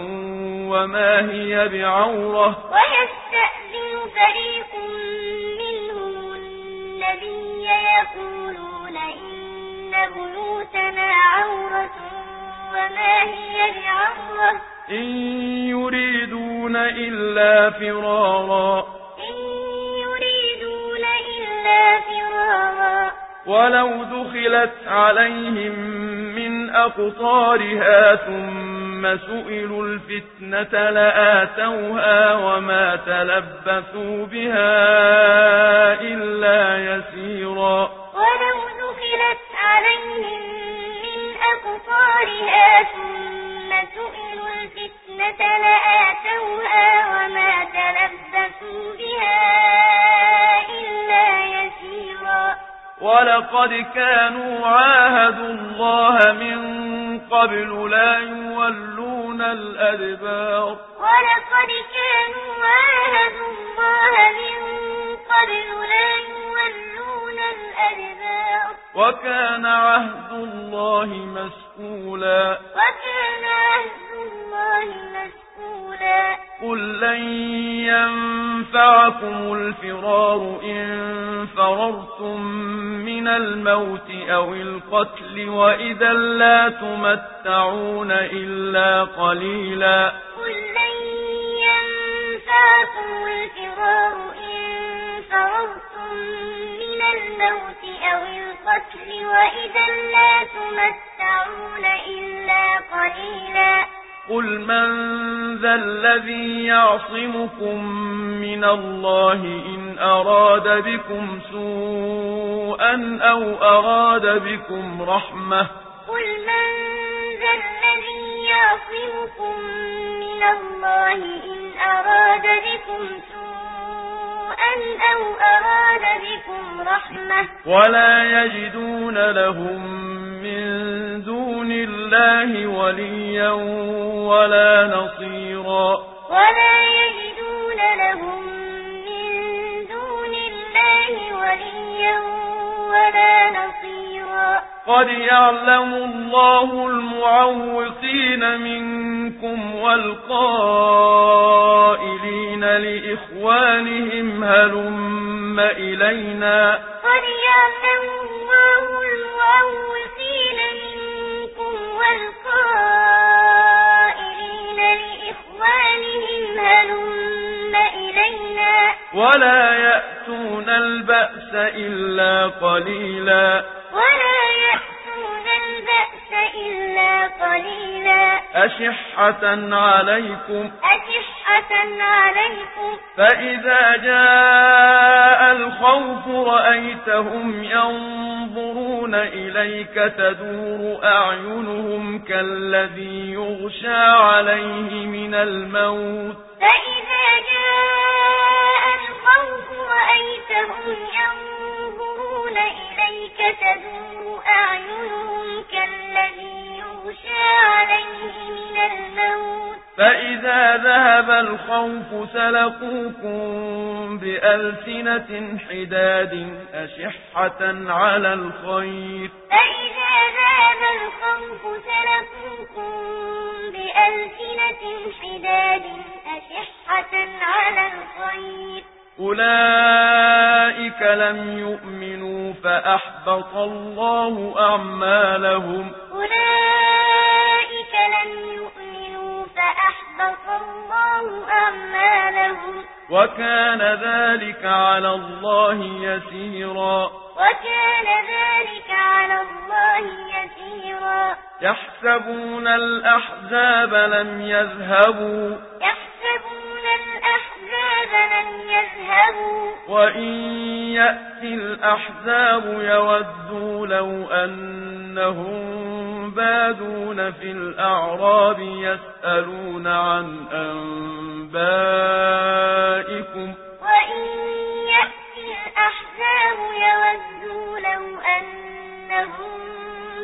وَمَا هِيَ بِعَوْرَةٍ وَيَسْتَأْذِنُ فَرِيقٌ مِّنْهُمُ النَّبِيَّ يَقُولُونَ إِنَّ بُيُوتَنَا عَوْرَةٌ وَمَا هِيَ بِعَوْرَةٍ إِن يُرِيدُونَ إِلَّا فِرَارًا إِن يُرِيدُونَ إِلَّا فِرَارًا وَلَوْ دُخِلَتْ عَلَيْهِم مِّنْ أَقْطَارِهَا ثُمَّ سُئِلُوا الْفِتْنَةَ لَآتَوْهَا وَمَا تَلَبَّثُوا بِهَا إِلَّا يَسِيرًا ولو دخلت عليهم من أقطارها ثم سئلوا الفتنة لآتوها وما تلبسوا بها إلا يسيرا ولقد كانوا عاهدوا الله من قبل لا يولون الأدبار ولقد كانوا عاهدوا الله من قبل لا يولون الأدبار وكان عهد الله مسئولا وكان عهد الله مسئولا قل لن ينفعكم الفرار إن فررتم من الموت أو القتل وإذا لا تمتعون إلا قليلا قل لن ينفعكم الفرار إن فررتم مِنَ الموت أو القتل وإذا لا تمتعون إلا قليلا قل من ذا الذي يعصمكم من الله إن أراد بكم سوءا أو أراد بكم رحمة قل من ذا الذي يعصمكم من الله إن أراد بكم سوءا سوءا أو أراد بكم رحمة ولا يجدون لهم من دون الله وليا ولا نصيرا ولا يجدون لهم من دون الله وليا ولا نصيرا قد يعلم الله المعوقين منكم والقائلين لإخوانهم هلم إلينا قد يعلم الله المعوقين منكم والقائلين لإخوانهم هلم إلينا ولا يأتون البأس إلا قليلا أشحة عليكم أشحة عليكم فإذا جاء الخوف رأيتهم ينظرون إليك تدور أعينهم كالذي يغشى عليه من الموت فإذا جاء الخوف رأيتهم ينظرون إليك تدور أعينهم كالذي يغشى عليه من الموت فإذا ذهب الخوف سلقوكم بألسنة حداد أشحة على الخير فإذا ذهب الخوف سلقوكم بألسنة حداد أشحة على الخير أولئك لم يؤمنوا فأحبط الله أعمالهم أولئك لم يؤمنوا فأحبط الله أعمالهم وكان ذلك على الله يسيرا وكان ذلك على الله يسيرا يحسبون الأحزاب لم يذهبوا يحسبون يذهبوا وإن يَأْتِ الأحزاب يودوا لو أنهم بادون في الأعراب يسألون عن أنبائكم وإن يَأْتِ الأحزاب يودوا لو أنهم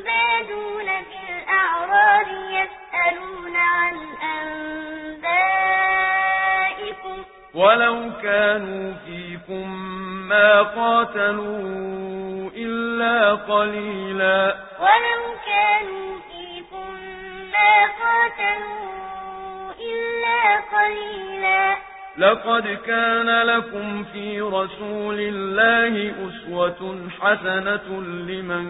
بادون في الأعراب يسألون عن أنبائكم بِآبَائِكُمْ وَلَوْ كَانُوا فِيكُم مَّا قَاتَلُوا إِلَّا قَلِيلًا وَلَوْ كَانُوا فِيكُم مَّا قَاتَلُوا إِلَّا قَلِيلًا لقد كان لكم في رسول الله أسوة حسنة لمن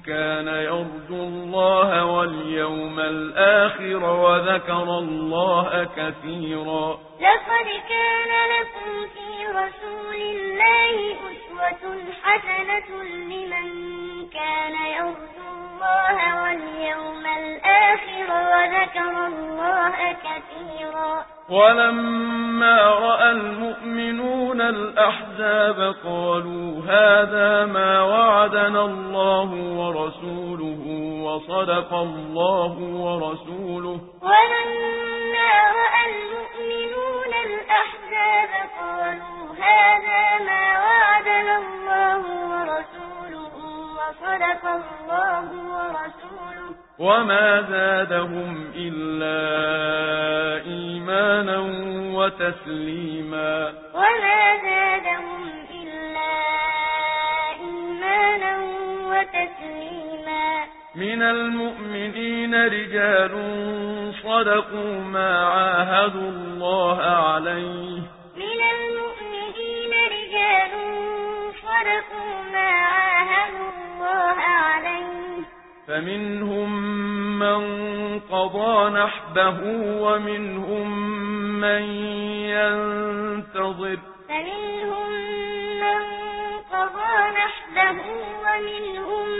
كان يرجو الله واليوم الآخر وذكر الله كثيرا لقد كان لكم في رسول الله أسوة حسنة لمن كان يرجو الله واليوم الآخر وذكر الله كثيرا ولما رأى المؤمنون الأحزاب قالوا هذا ما وعدنا الله ورسوله وصدق الله ورسوله ولما رأى المؤمنون الأحزاب قالوا هذا ما وعدنا الله الله ورسوله وما زادهم إلا إيمانا وتسليما وما زادهم إلا إيمانا وتسليما من المؤمنين رجال صدقوا ما عاهدوا الله عليه من المؤمنين رجال صدقوا ما عاهدوا الله عليه فمنهم من قضى نحبه ومنهم من ينتظر فمنهم من قضى نحبه ومنهم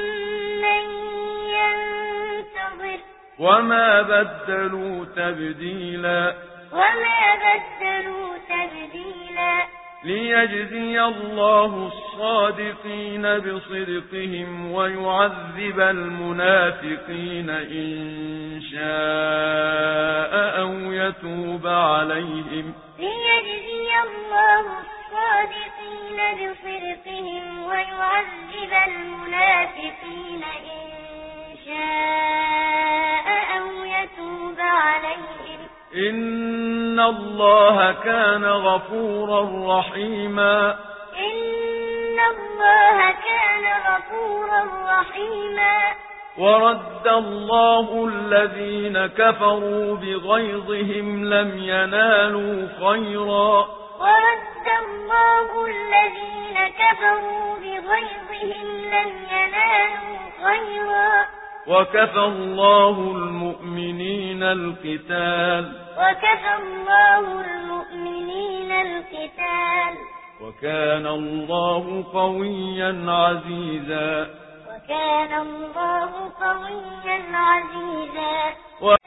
وما بدلوا تبديلا وما بدلوا تبديلا ليجزي الله الصادقين بصدقهم ويعذب المنافقين إن شاء أو يتوب عليهم ليجزي الله الصادقين بصدقهم ويعذب المنافقين إن شاء أو يتوب عليهم إن الله كان غفورا رحيما إن الله كان غفورا رحيما ورد الله الذين كفروا بغيظهم لم ينالوا خيرا ورد الله الذين كفروا بغيظهم لم ينالوا خيرا وكفى الله المؤمنين القتال وكفى الله المؤمنين القتال وكان الله قويا عزيزا وكان الله قويا عزيزا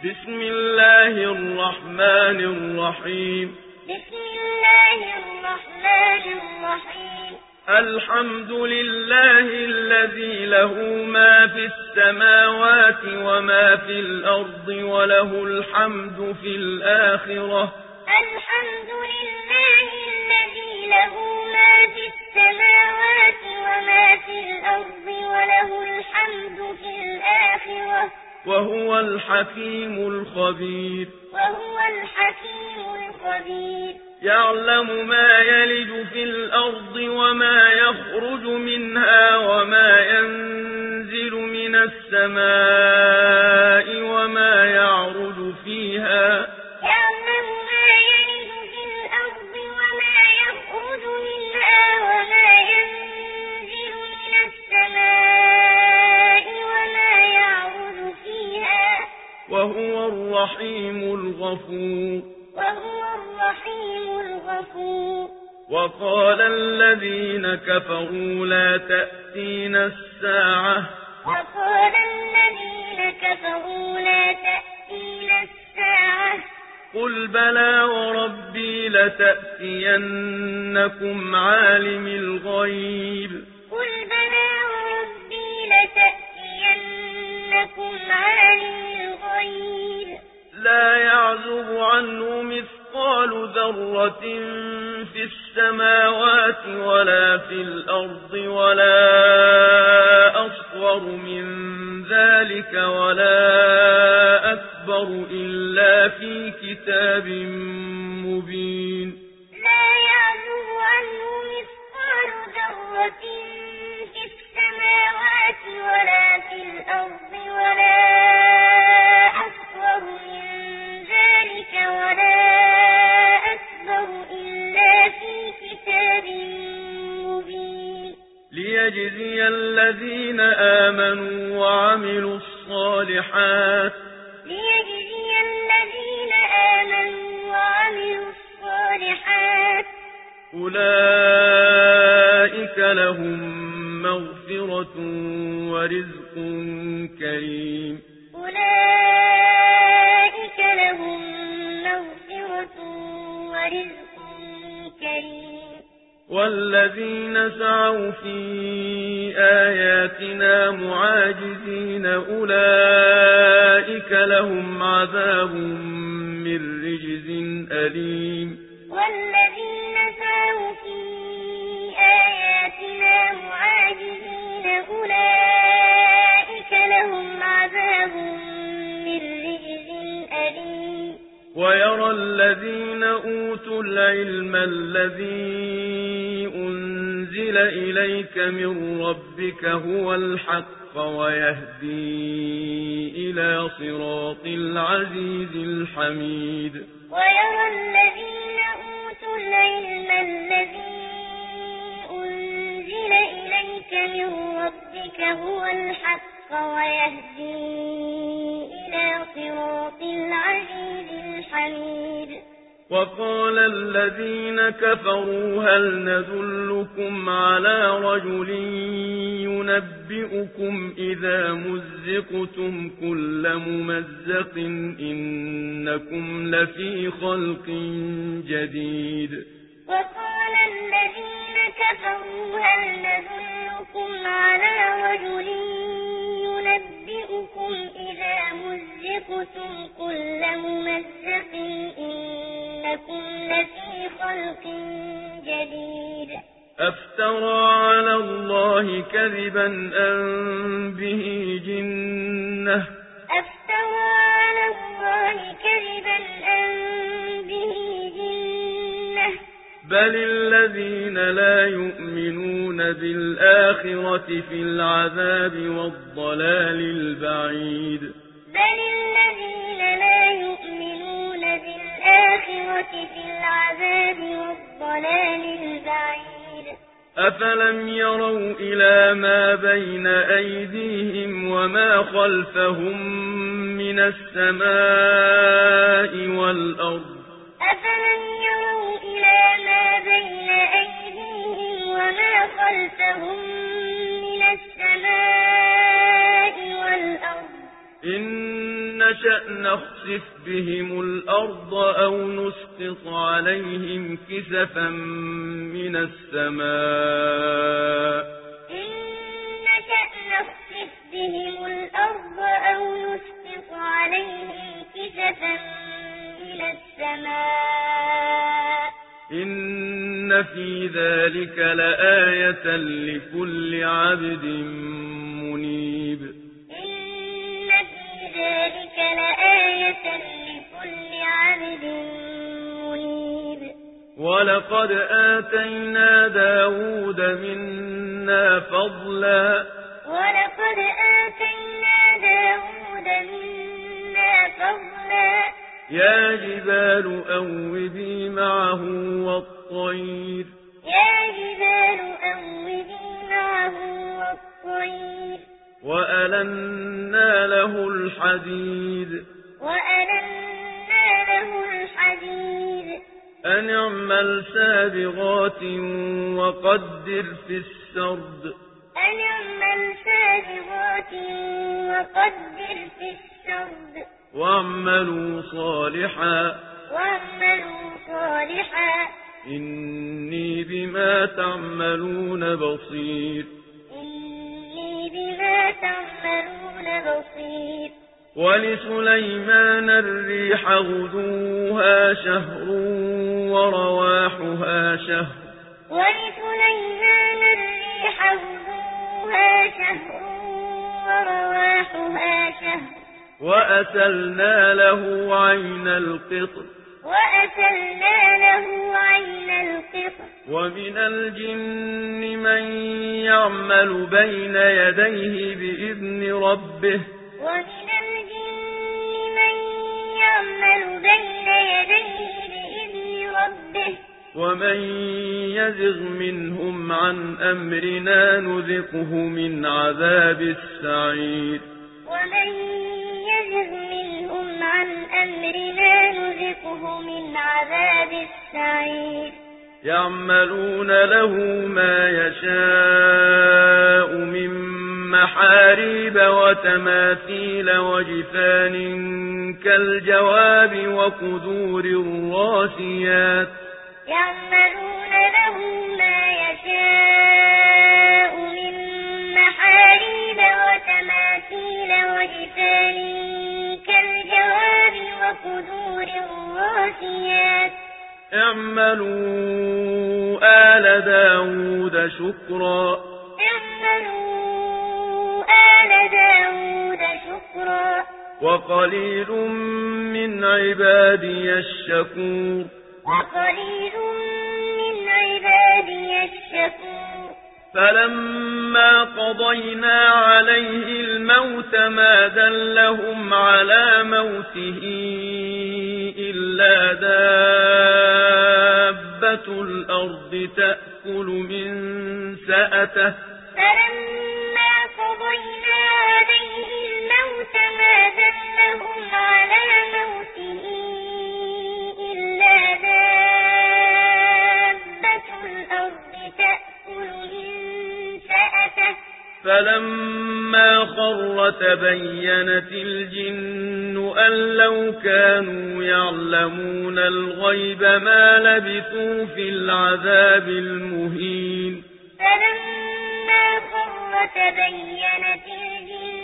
بسم الله الرحمن الرحيم بسم الله الرحمن الرحيم الحمد لله الذي له ما في السماوات وما في الأرض وله الحمد في الآخرة الحمد لله الذي له ما في السماوات وما في الأرض وله الحمد في الآخرة وهو الحكيم الخبير وهو الحكيم الخبير يعلم ما يلج في الأرض وما يخرج منها وما ينزل من السماء وما يعرج فيها وهو الرحيم الغفور وقال الذين كفروا لا تأتينا الساعة وقال الذين كفروا لا تأتينا الساعة قل بلى وربي لتأتينكم عالم الغيب قل بلى وربي لتأتينكم عالم الغيب لا يعزب عنه مثل مثقال ذرة في السماوات ولا في الأرض ولا أصغر من ذلك ولا أكبر إلا في كتاب مبين لا يعزو عنه مثقال ذرة في السماوات ولا في الأرض ولا أكبر من ذلك ولا أكبر ليجزي الذين آمنوا وعملوا الصالحات ليجزي الذين آمنوا وعملوا الصالحات أولئك لهم مغفرة ورزق كريم أولئك لهم مغفرة ورزق كريم والذين سعوا في آياتنا معاجزين أولئك لهم عذاب من رجز أليم والذين سعوا في آياتنا معاجزين أولئك لهم عذاب من ويرى الذين أوتوا العلم الذي أنزل إليك من ربك هو الحق ويهدي إلى صراط العزيز الحميد ويرى الذين أوتوا العلم الذي أنزل إليك من ربك هو الحق ويهدي إلى صراط العزيز حميد وقال الذين كفروا هل نذلكم على رجل ينبئكم إذا مزقتم كل ممزق إنكم لفي خلق جديد وقال الذين كفروا هل نذلكم على رجل ينبئكم أُنَبِّئُكُمْ إِذَا مُزِّقْتُمْ كُلَّ مُمَزَّقٍ إِنَّكُمْ لَفِي خَلْقٍ جَدِيدٍ أفترى على الله كذبا أم به جنة أفترى على الله كذبا بل الذين لا يؤمنون بالآخرة في العذاب والضلال البعيد بل الذين لا يؤمنون بالآخرة في العذاب والضلال البعيد أفلم يروا إلى ما بين أيديهم وما خلفهم من السماء والأرض أَفَلَمْ يَرَوْا إِلَىٰ مَا بَيْنَ أَيْدِيهِمْ وَمَا خَلْفَهُم مِّنَ السَّمَاءِ وَالْأَرْضِ إِن نَّشَأْ نَخْسِفْ بِهِمُ الْأَرْضَ أَوْ نُسْقِطْ عَلَيْهِمْ كِسَفًا مِّنَ السَّمَاءِ إِن نَّشَأْ نَخْسِفْ بِهِمُ الْأَرْضَ أَوْ نُسْقِطْ عَلَيْهِمْ كِسَفًا إِلَى السَّمَاءِ إِنَّ فِي ذَلِكَ لَآيَةً لِكُلِّ عَبْدٍ مُنِيبٍ إِنَّ فِي ذَلِكَ لَآيَةً لِكُلِّ عَبْدٍ مُنِيبٍ وَلَقَدْ آتَيْنَا داود مِنَّا فَضْلًا وَلَقَدْ آتَيْنَا دَاوُودَ مِنَّا فَضْلًا يا جبال أوبي معه والطير يا جبال أوبي معه والطير وألنا له الحديد وألنا له الحديد أن اعمل سابغات وقدر في السرد أن اعمل سابغات وقدر في السرد واعملوا صالحا واعملوا صالحا إني بما تعملون بصير إني بما تعملون بصير ولسليمان الريح غدوها شهر ورواحها شهر ولسليمان الريح غدوها شهر ورواحها شهر وأسلنا له عين القطر وأسلنا له عين القطر ومن الجن من يعمل بين يديه بإذن ربه ومن الجن من يعمل بين يديه بإذن ربه ومن يزغ منهم عن أمرنا نذقه من عذاب السعير ومن عن أمرنا نذقه من عذاب السعير يعملون له ما يشاء من محاريب وتماثيل وجفان كالجواب وقدور الراسيات يعملون له ما يشاء من محاريب وتماثيل وجفان الجواب وقدور الراسيات اعملوا آل دَاوُودَ شكرا اعملوا آل داود شكرا وقليل من عبادي الشكور وقليل من عبادي الشكور فلما قضينا عليه الموت ما دلهم على موته إلا دابة الأرض تأكل من سأته فلما قضينا عليه الموت ما دلهم على موته إلا دابة الأرض تأكل فلما خر تبينت الجن أن لو كانوا يعلمون الغيب ما لبثوا في العذاب المهين فلما خر تبينت الجن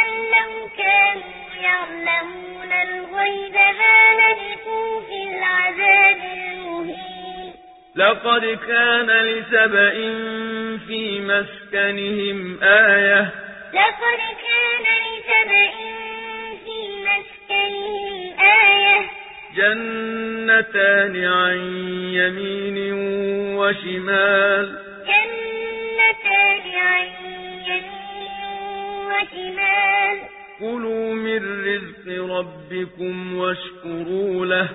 أن لو كانوا يعلمون الغيب ما لبثوا في العذاب المهين لقد كان لسبأ في مسكنهم آية لقد كان لسبأ في مسكنهم آية جنتان عن يمين وشمال جنتان عن كلوا من رزق ربكم واشكروا له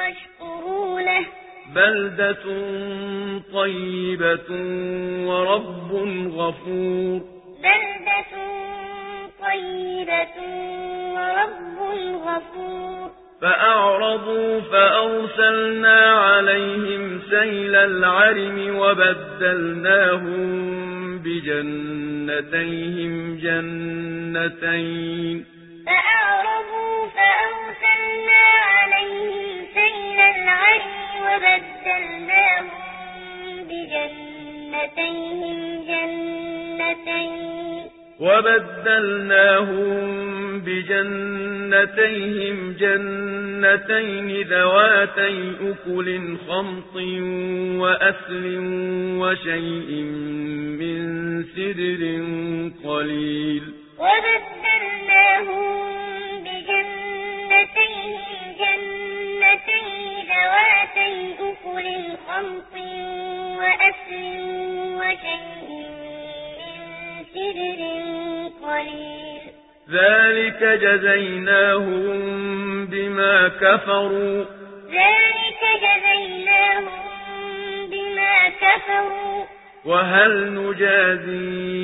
واشكروا له بلدة طيبة ورب غفور بلدة طيبة ورب غفور فأعرضوا فأرسلنا عليهم سيل العرم وبدلناهم بجنتيهم جنتين فأعرضوا فأرسلنا عليهم العلي وبدلناهم بجنتيهم جنتين وبدلناهم بجنتيهم جنتين ذواتي أكل خمط وأسل وشيء من سدر قليل وبدلناهم بجنتيهم جنتين ذواتي أكل خمط وشيء من سدر قليل ذلك جزيناهم بما كفروا ذلك جزيناهم بما كفروا وهل نجازي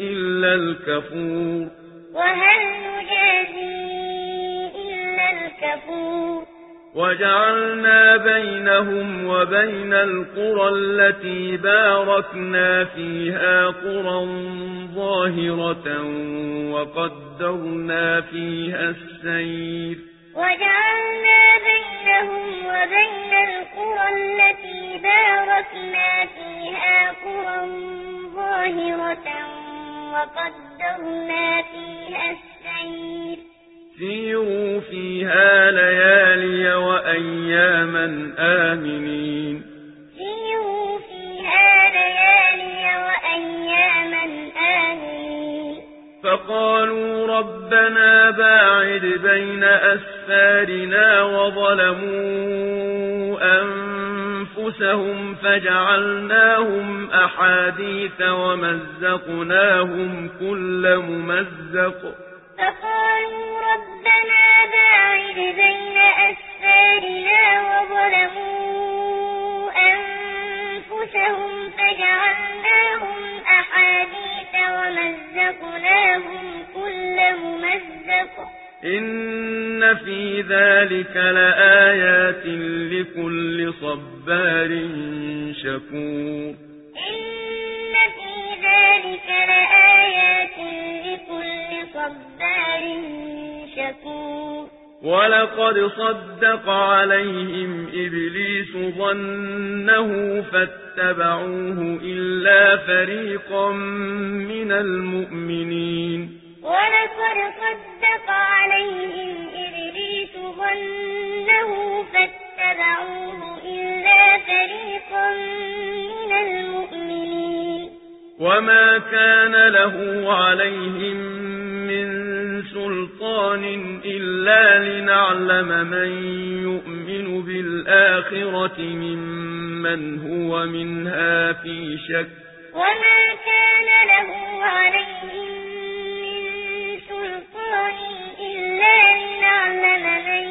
إلا الكفور وهل نجازي الكفور وجعلنا بينهم وبين القرى التي باركنا فيها قرى ظاهرة وقدرنا فيها السير وجعلنا بينهم وبين القرى التي باركنا فيها قرى ظاهرة وقدرنا فيها السير سيروا فيها ليالي وأياما آمنين سيروا فيها ليالي وأياما آمنين فقالوا ربنا باعد بين أسفارنا وظلموا أنفسهم فجعلناهم أحاديث ومزقناهم كل ممزق فقالوا ربنا باعد بين أسفارنا وظلموا أنفسهم فجعلناهم أحاديث ومزقناهم كل ممزق إن في ذلك لآيات لكل صبار شكور ولقد صدق عليهم إبليس ظنه فاتبعوه إلا فريقا من المؤمنين ولقد صدق عليهم إبليس ظنه فاتبعوه إلا فريقا من المؤمنين وما كان له عليهم سُلْطَانٍ إِلَّا لِنَعْلَمَ مَن يُؤْمِنُ بِالْآخِرَةِ مِمَّنْ هُوَ مِنْهَا فِي شَكٍّ وَمَا كَانَ لَهُ عَلَيْهِمْ مِن سُلْطَانٍ إِلَّا لِنَعْلَمَ مَن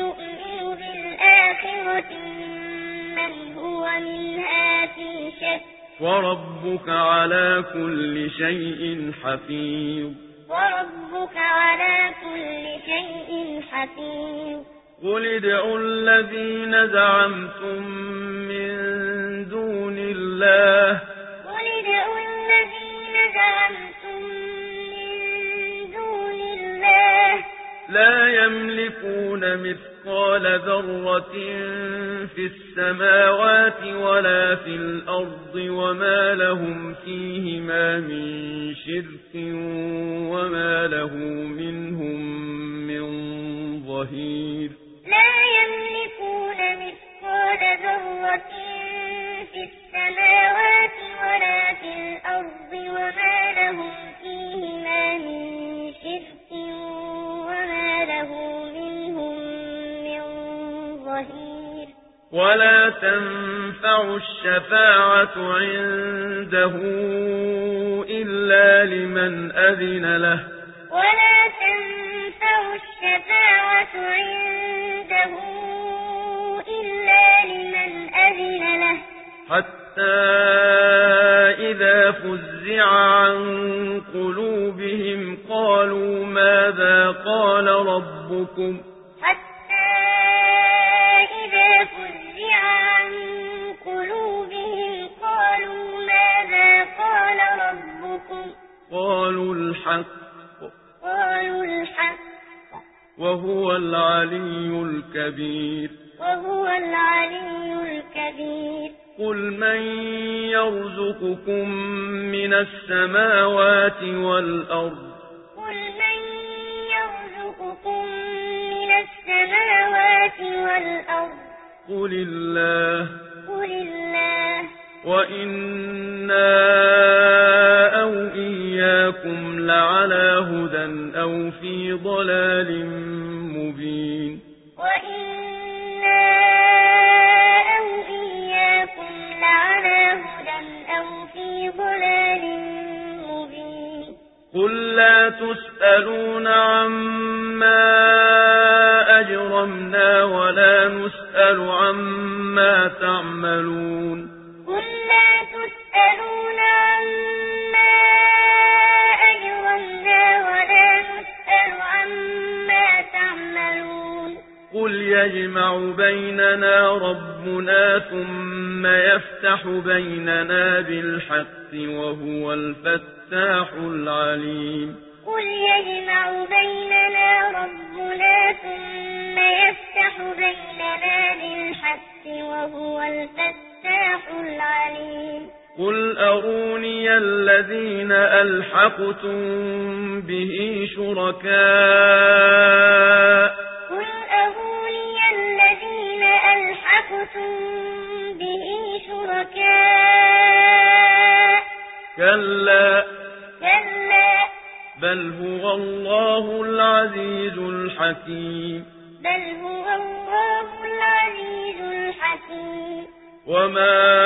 يُؤْمِنُ بِالْآخِرَةِ مِمَّنْ هُوَ مِنْهَا فِي شَكٍّ وَرَبُّكَ عَلَى كُلِّ شَيْءٍ حَفِيظٌ وربك على كل شيء حفيظ قل ادعوا الذين زعمتم من دون الله قل ادعوا الذين زعمتم من دون الله لا يملكون مثقال ذرة في السماوات ولا في الأرض وما لهم فيهما من شرك وما له منهم من ظهير لا يملكون مثقال ذرة في السماوات ولا في الأرض وما لهم فيهما من شرك وما له منهم من ظهير ولا تنفع الشفاعة عنده إلا لمن أذن له ولا تنفع الشفاعة عنده إلا لمن أذن له حتى إذا فزع عن قلوبهم قالوا ماذا قال ربكم حتى إذا فزع عن قلوبهم قالوا ماذا قال ربكم قالوا الحق قالوا الحق وهو العلي الكبير وهو العلي الكبير قُلْ مَن يَرْزُقُكُم مِّنَ السَّمَاوَاتِ وَالْأَرْضِ قُلْ مَن يَرْزُقُكُم مِّنَ السَّمَاوَاتِ وَالْأَرْضِ قُلِ اللَّهُ قُلِ اللَّهُ وَإِنَّا أَوْ إِيَّاكُمْ لَعَلَى هُدًى أَوْ فِي ضَلَالٍ مُّبِينٍ وَإِنَّا ضلال مبين قل لا تسألون عما أجرمنا ولا نسأل عما تعملون قل لا تسألون عما قل يجمع بيننا ربنا ثم يفتح بيننا بالحق وهو الفتاح العليم قل يجمع بيننا ربنا ثم يفتح بيننا بالحق وهو الفتاح العليم قل أروني الذين ألحقتم به شركاء بِهِ شُرَكَاءَ كَلَّا كَلَّا بَلْ هُوَ اللَّهُ الْعَزِيزُ الْحَكِيمُ بَلْ هُوَ اللَّهُ الْعَزِيزُ الْحَكِيمُ وما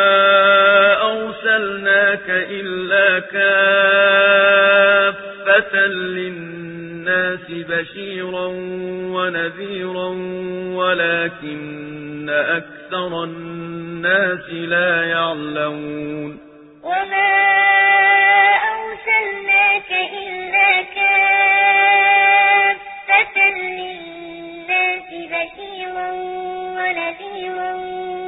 أرسلناك إلا كافة للناس بشيرا ونذيرا ولكن أكثر الناس لا يعلمون وما أرسلناك إلا كافة للناس بشيرا ونذيرا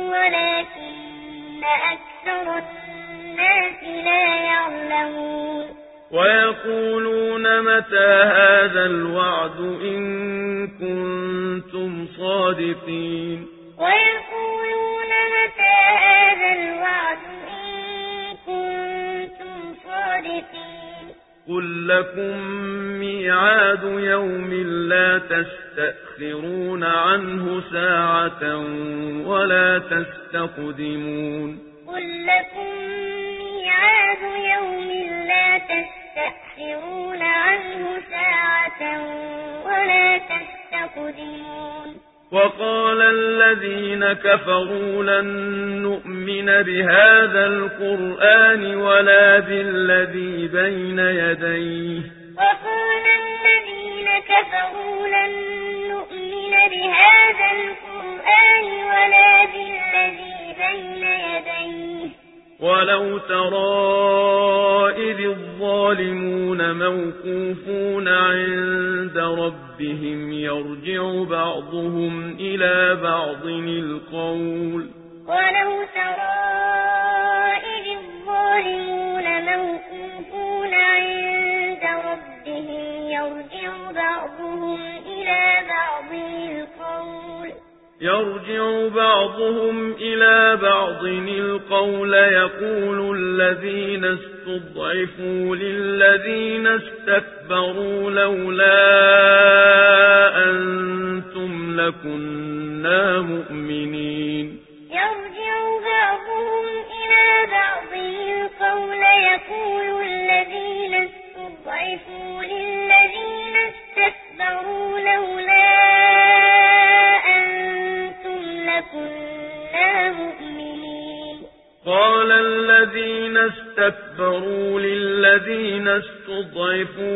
ولكن أكثر الناس لا يعلمون ويقولون متى هذا الوعد إن كنتم صادقين ويقولون متى هذا الوعد إن كنتم صادقين قل لكم ميعاد يوم لا تستأخرون عنه ساعة ولا تستقدمون قل لكم ميعاد يوم لا تستأخرون عنه ساعة ولا تستقدمون وقال الذين كفروا لن نؤمن بهذا القرآن ولا بالذي بين يديه وقال الذين كفروا لن نؤمن بهذا القرآن ولا بالذي بين يديه ولو ترى إذ الظالمون موقوفون عند ربهم يرجع بعضهم إلى بعض القول ولو ترى إذ الظالمون موقوفون عند ربهم يرجع بعضهم إلى بعض القول يرجع بعضهم إلى بعض القول يقول الذين استضعفوا للذين استكبروا لولا أنتم لكنا مؤمنين يرجع بعضهم إلى بعض القول يقول الذين استضعفوا للذين استكبروا لولا أنتم كنا مؤمنين قال الذين استكبروا للذين استضعفوا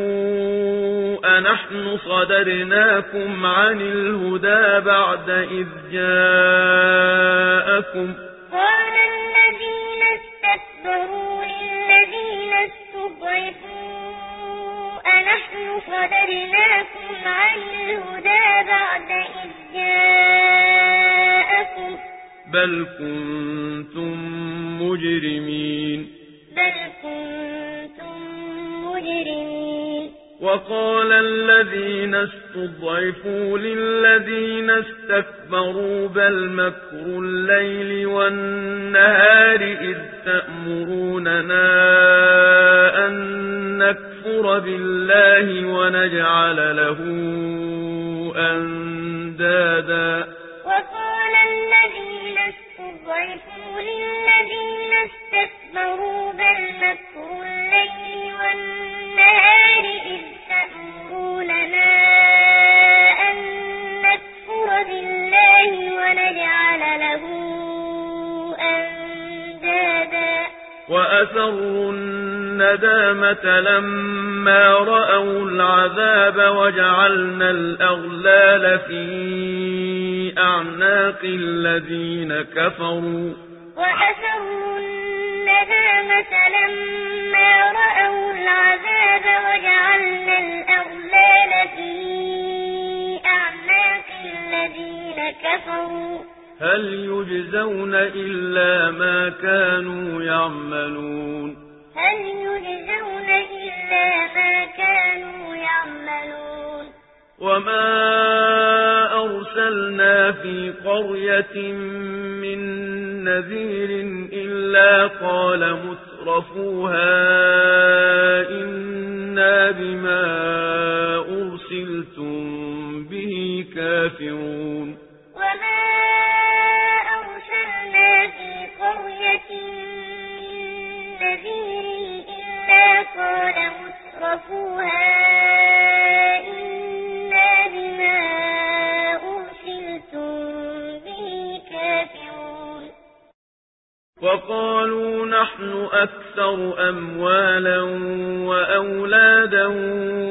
أنحن صدرناكم عن الهدى بعد إذ جاءكم قال الذين استكبروا للذين استضعفوا أَنَحْنُ صدرناكم عَنِ الْهُدَىٰ بَعْدَ إِذْ جَاءَكُمْ ۖ بَلْ كُنتُم مُّجْرِمِينَ بَلْ كُنتُم مُّجْرِمِينَ وقال الذين استضعفوا للذين استكبروا بل مكر الليل والنهار إذ تأمروننا أن نكفر بالله ونجعل له أندادا وقال الذين استضعفوا يُضْعِفُوا لِلَّذِينَ اسْتَكْبَرُوا بَلْ مَكْرُ اللَّيْلِ وَالنَّهَارِ إِذْ تَأْمُرُونَنَا أَن نَّكْفُرَ بِاللَّهِ وَنَجْعَلَ لَهُ أَندَادًا وَأَسَرُّوا النَّدَامَةَ لَمَّا رَأَوُا الْعَذَابَ وَجَعَلْنَا الْأَغْلَالَ فيه أعناق الذين كفروا وحسروا الندامة لما رأوا العذاب وجعلنا الأغلال في أعناق الذين كفروا هل يجزون إلا ما كانوا يعملون هل يجزون إلا ما كانوا يعملون وما أرسلنا في قرية من نذير إلا قال مترفوها إنا بما أرسلتم به كافرون وما أرسلنا في قرية من نذير إلا قال مترفوها وقالوا نحن أكثر أموالا وأولادا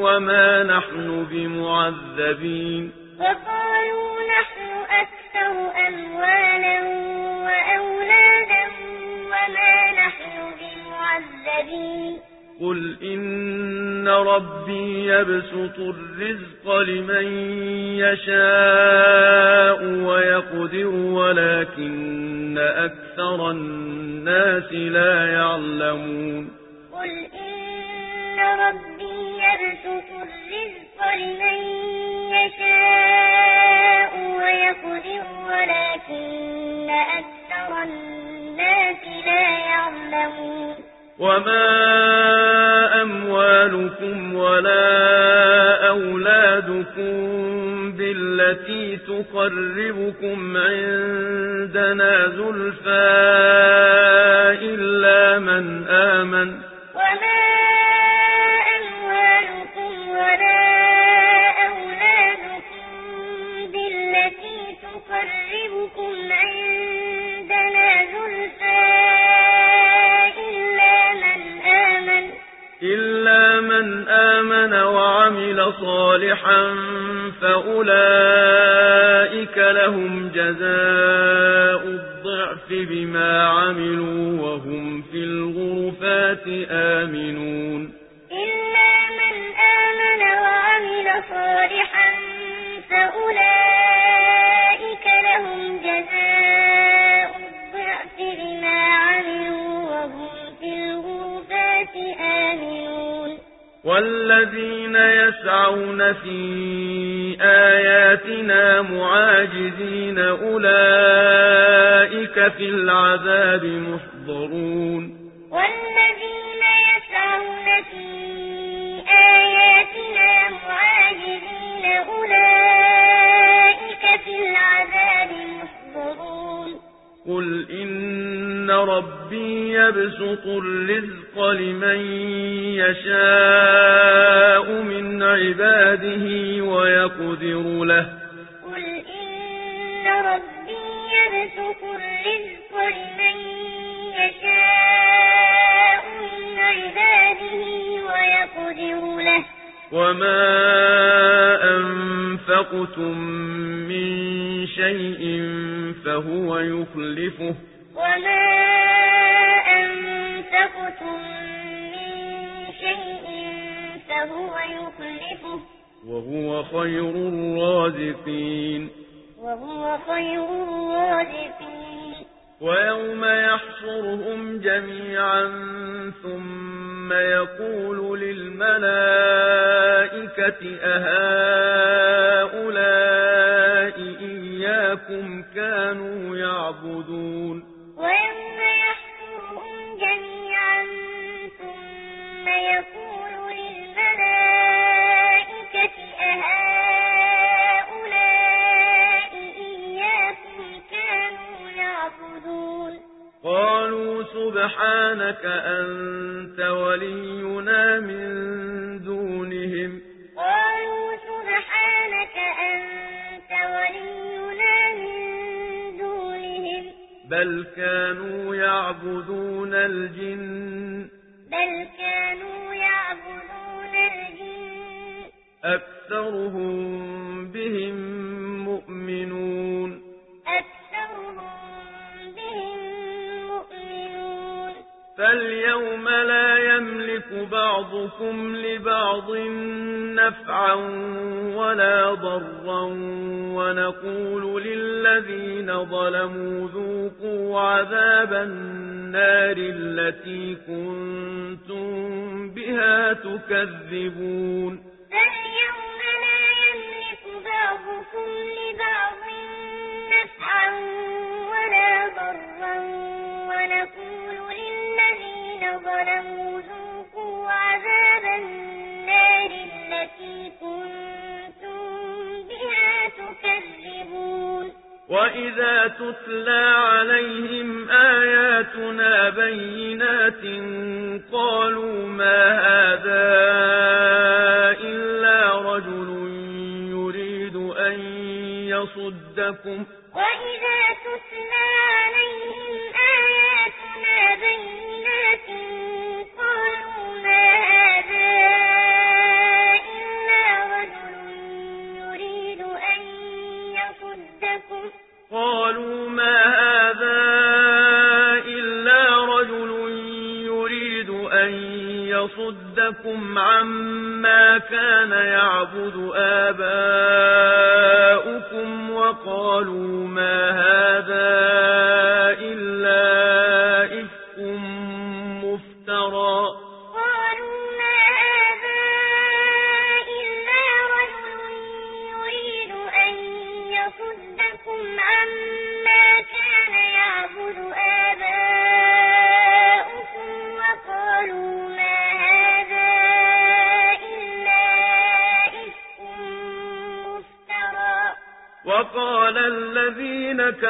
وما نحن بمعذبين وقالوا نحن أكثر أموالا وأولادا وما نحن بمعذبين قل إن ربي يبسط الرزق لمن يشاء ويقدر ولكن أكثر الناس لا يعلمون قل إن ربي يبسط الرزق لمن يشاء ويقدر ولكن أكثر الناس لا يعلمون وما أموالكم ولا أولادكم بالتي تقربكم عندنا زلفى إلا من آمن وما من آمن وعمل صالحا فأولئك لهم جزاء الضعف بما عملوا وهم في الغرفات آمنون إلا من آمن وعمل صالحا فأولئك لهم جزاء الضعف بما عملوا وهم في الغرفات آمنون والذين يسعون في آياتنا معاجزين أولئك في العذاب محضرون والذين يسعون في آياتنا معاجزين أولئك في العذاب محضرون قل إن ربي يبسط الرزق الرِّزْقَ لِمَن يَشَاءُ مِنْ عِبَادِهِ وَيَقْدِرُ لَهُ قُلْ إِنَّ رَبِّي يَبْسُطُ الرِّزْقَ لِمَن يَشَاءُ مِنْ عِبَادِهِ وَيَقْدِرُ لَهُ وَمَا أَنفَقْتُم مِّن شَيْءٍ فَهُوَ يُخْلِفُهُ وَمَا أنفقتم من شيء فهو يخلفه مِّن شَيْءٍ فَهُوَ يُخْلِفُهُ ۖ وَهُوَ خَيْرُ الرَّازِقِينَ وَهُوَ خَيْرُ الرَّازِقِينَ وَيَوْمَ يَحْشُرُهُمْ جَمِيعًا ثُمَّ يَقُولُ لِلْمَلَائِكَةِ أَهَٰؤُلَاءِ إِيَّاكُمْ كَانُوا يَعْبُدُونَ وَيَوْمَ يقول للملائكة أهؤلاء إياكم كانوا يعبدون قالوا سبحانك أنت ولينا من دونهم قالوا سبحانك أنت ولينا من دونهم بل كانوا يعبدون الجن بل كانوا يعبدون الجن أكثرهم بهم مؤمنون فاليوم لا يملك بعضكم لبعض نفعا ولا ضرا ونقول للذين ظلموا ذوقوا عذاب النار التي كنتم بها تكذبون فاليوم لا يملك بعضكم لبعض نفعا ولا ضرا ونقول الَّذِينَ ظَلَمُوا ذُوقُوا عَذَابَ النَّارِ الَّتِي كُنتُم بِهَا تُكَذِّبُونَ وَإِذَا تُتْلَى عَلَيْهِمْ آيَاتُنَا بَيِّنَاتٍ قَالُوا مَا هَذَا إِلَّا رَجُلٌ يُرِيدُ أَن يَصُدَّكُمْ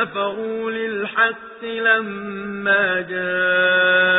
كفروا للحق لما جاءوا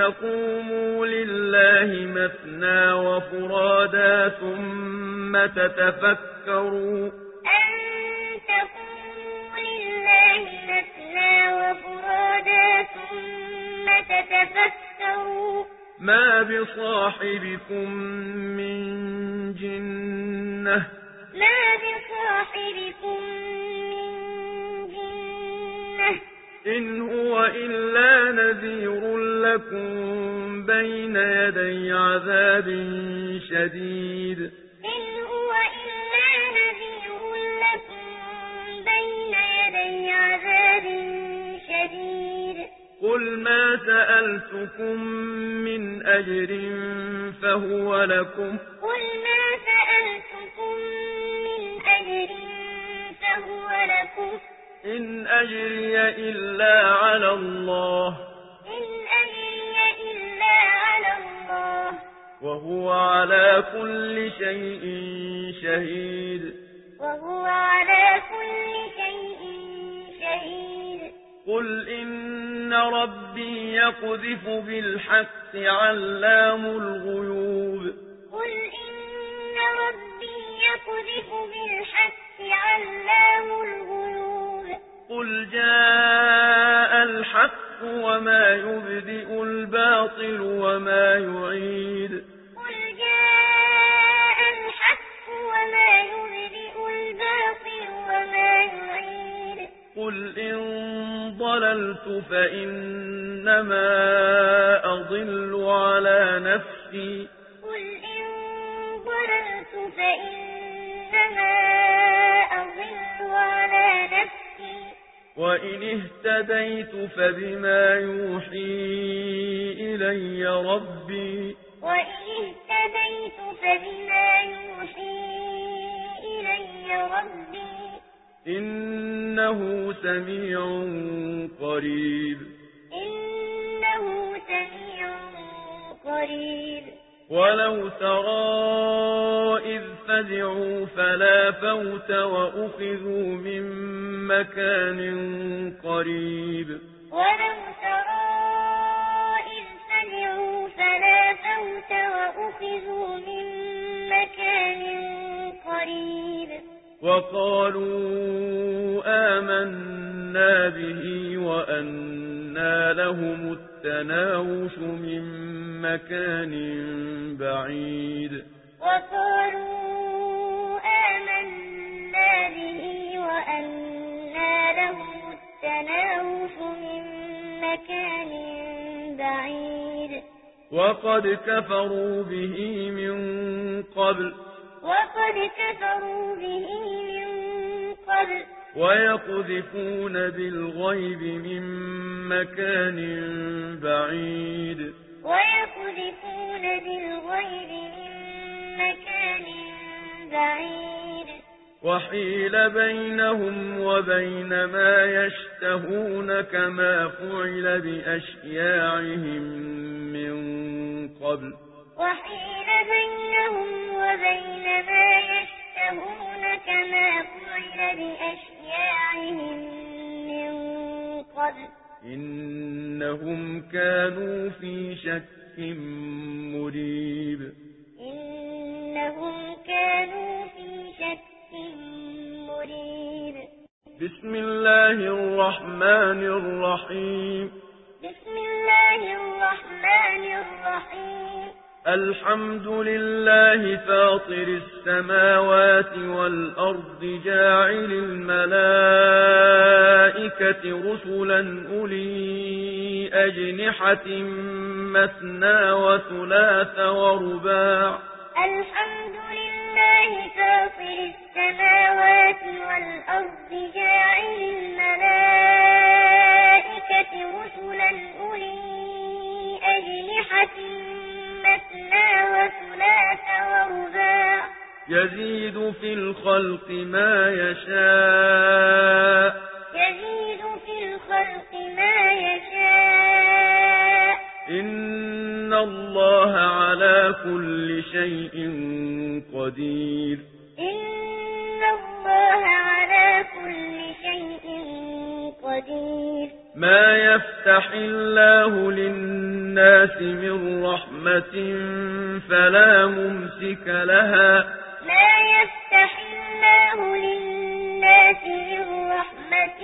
تقوموا لله مثنى وفرادا ثم تتفكروا أن تقوموا لله مثنى وفرادا ثم تتفكروا ما بصاحبكم من جنة ما بصاحبكم من إن هو إلا نذير لكم بين يدي عذاب شديد إن هو إلا نذير لكم بين يدي عذاب شديد قل ما سألتكم من أجر فهو لكم قل ما سألتكم من أجر فهو لكم إن أجري إلا على الله إن أجري إلا على الله وهو على كل شيء شهيد وهو على كل شيء شهيد قل إن ربي يقذف بالحق علام الغيوب قل إن ربي يقذف بالحق علام الغيوب قل جاء الحق وما يبدئ الباطل وما يعيد قل جاء الحق وما يبدئ الباطل وما يعيد قل إن ضللت فإنما أضل على نفسي قل إن ضللت فإنما أضل على نفسي وإن اهتديت فبما يوحي إلي ربي وإن اهتديت فبما يوحي إلي ربي إنه سميع قريب إنه سميع قريب ولو ترى إذ فزعوا فلا فوت وأخذوا من مكان قريب ولو ترى إذ فزعوا فلا فوت وأخذوا من مكان قريب وقالوا آمنا به وأنا لهم التقوى التناوش من مكان بعيد وقالوا آمنا به وأنا له التناوش من مكان بعيد وقد كفروا به من قبل وقد كفروا به من قبل ويقذفون بالغيب من مكان بعيد ويقذفون بالغيب من مكان بعيد وحيل بينهم وبين ما يشتهون كما فعل بأشياعهم من قبل وحيل بينهم وبين ما يشتهون كما فعل بأشياعهم من قبل إنهم كانوا في شك مريب إنهم كانوا في شك مريب بسم الله الرحمن الرحيم بسم الله الرحمن الرحيم الحمد لله فاطر السماوات والأرض جاعل الملائكة رسلا أولي أجنحة مثنى وثلاث ورباع الحمد لله فاطر السماوات والأرض جاعل الملائكة رسلا أولي أجنحة وَمَثْنَىٰ وَثُلَاثَ وَرُبَاعَ ۚ يَزِيدُ فِي الْخَلْقِ مَا يَشَاءُ ۚ إِنَّ اللَّهَ عَلَىٰ كُلِّ شَيْءٍ قَدِيرٌ إِنَّ اللَّهَ عَلَىٰ كُلِّ شَيْءٍ قَدِيرٌ ما يفتح الله للناس من رحمة فلا ممسك لها ما يفتح الله للناس من رحمة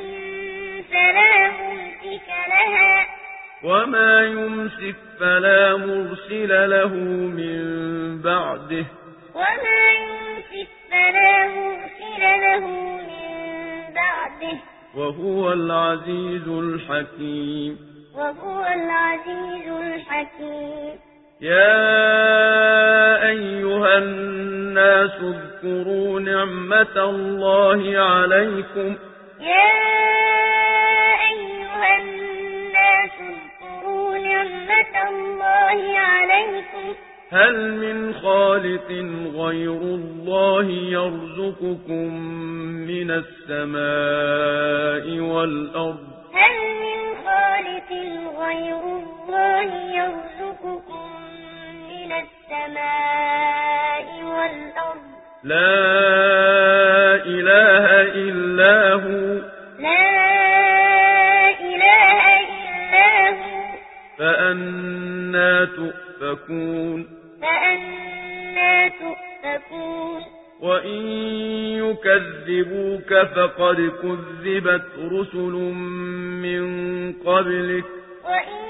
فلا ممسك لها وما يمسك فلا مرسل له من بعده وما يمسك فلا مرسل له من بعده وهو العزيز الحكيم وهو العزيز الحكيم يا أيها الناس اذكروا نعمة الله عليكم يا أيها الناس اذكروا نعمة الله عليكم هل من خالق غير الله يرزقكم من السماء والأرض هل من خالق غير الله يرزقكم من السماء والأرض لا إله إلا هو لا إله إلا هو فأنا تؤفكون وإن يكذبوك فقد كذبت رسل من قبلك وإن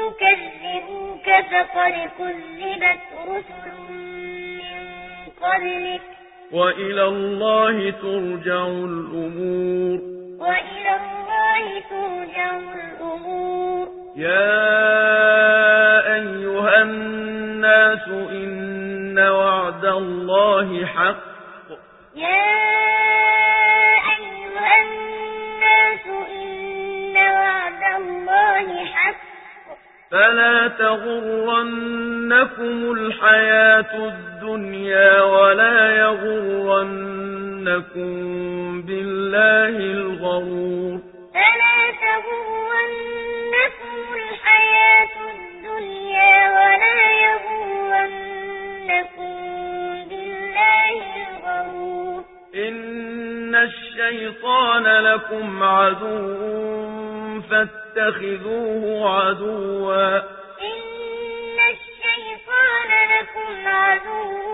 يكذبوك فقد كذبت رسل من قبلك وإلى الله ترجع الأمور وإلى الله ترجع الأمور يا أيها الناس إن وعد الله حق يا أيها الناس إن وعد الله حق فلا تغرنكم الحياة الدنيا ولا يغرنكم بالله الغرور فلا تغرنكم الحياة الدنيا ولا يغرنكم بالله الغرور إن الشيطان لكم عدو فَاتَّخِذُوهُ عَدُوًّا إِنَّ الشَّيْطَانَ لَكُمْ عَدُوٌّ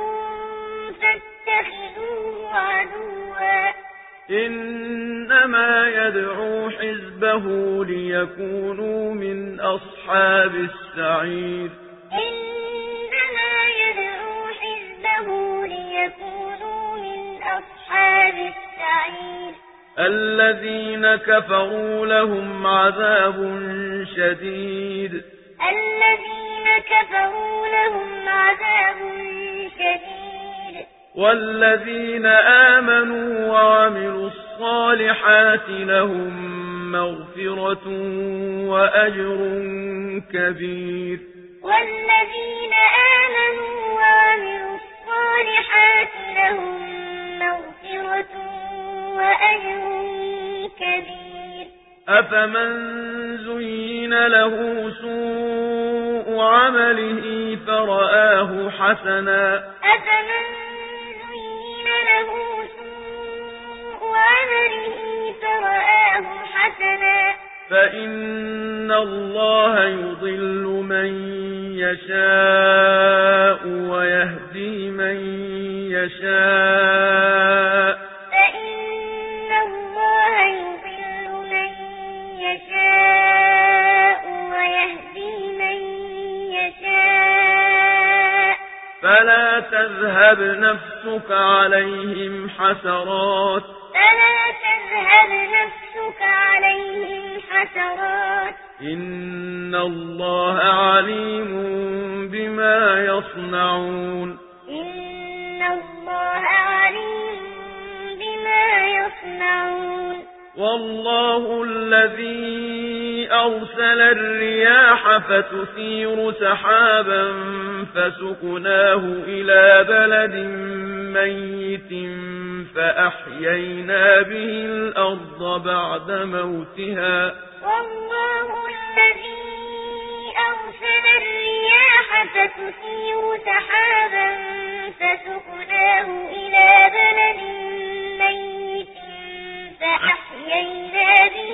إِنَّمَا يَدْعُو حِزْبَهُ لِيَكُونُوا مِنْ أَصْحَابِ السَّعِيرِ إِنَّمَا يَدْعُو حِزْبَهُ لِيَكُونُوا مِنْ أَصْحَابِ السَّعِيرِ الذين كفروا لهم عذاب شديد الذين كفروا لهم عذاب شديد والذين آمنوا وعملوا الصالحات لهم مغفرة وأجر كبير والذين آمنوا وعملوا الصالحات لهم مغفرة أفمن زين له سوء عمله فرآه حسنا أفمن زين له سوء عمله فرآه حسنا فإن الله يضل من يشاء ويهدي من يشاء تذهب نفسك عليهم حسرات فلا تذهب نفسك عليهم حسرات إن الله عليم بما يصنعون إن الله عليم بما يصنعون والله الذي أرسل الرياح فتثير سحابا فسقناه إلى بلد ميت فأحيينا به الأرض بعد موتها والله الذي أرسل الرياح فتثير سحابا فسقناه إلى بلد ميت فأحيينا به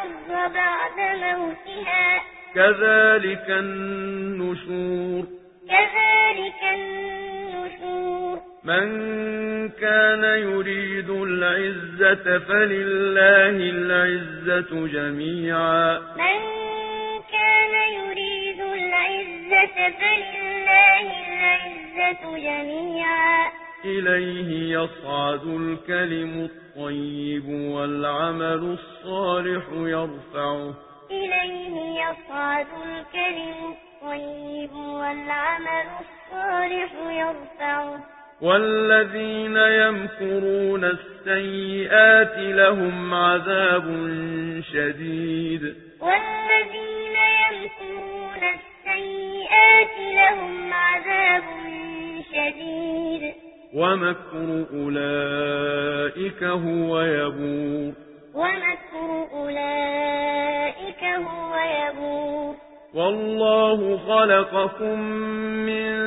الأرض بعد موتها كذلك النشور كذلك النشور من كان يريد العزة فلله العزة جميعا من كان يريد العزة فلله العزة جميعا إليه يصعد الكلم الطيب والعمل الصالح يرفعه إليه يصعد الكلم الطيب والعمل الصالح يرفعه والذين يمكرون السيئات لهم عذاب شديد والذين يمكرون السيئات لهم عذاب شديد ومكر أولئك هو يبور ومكر أولئك هو يبور والله خلقكم من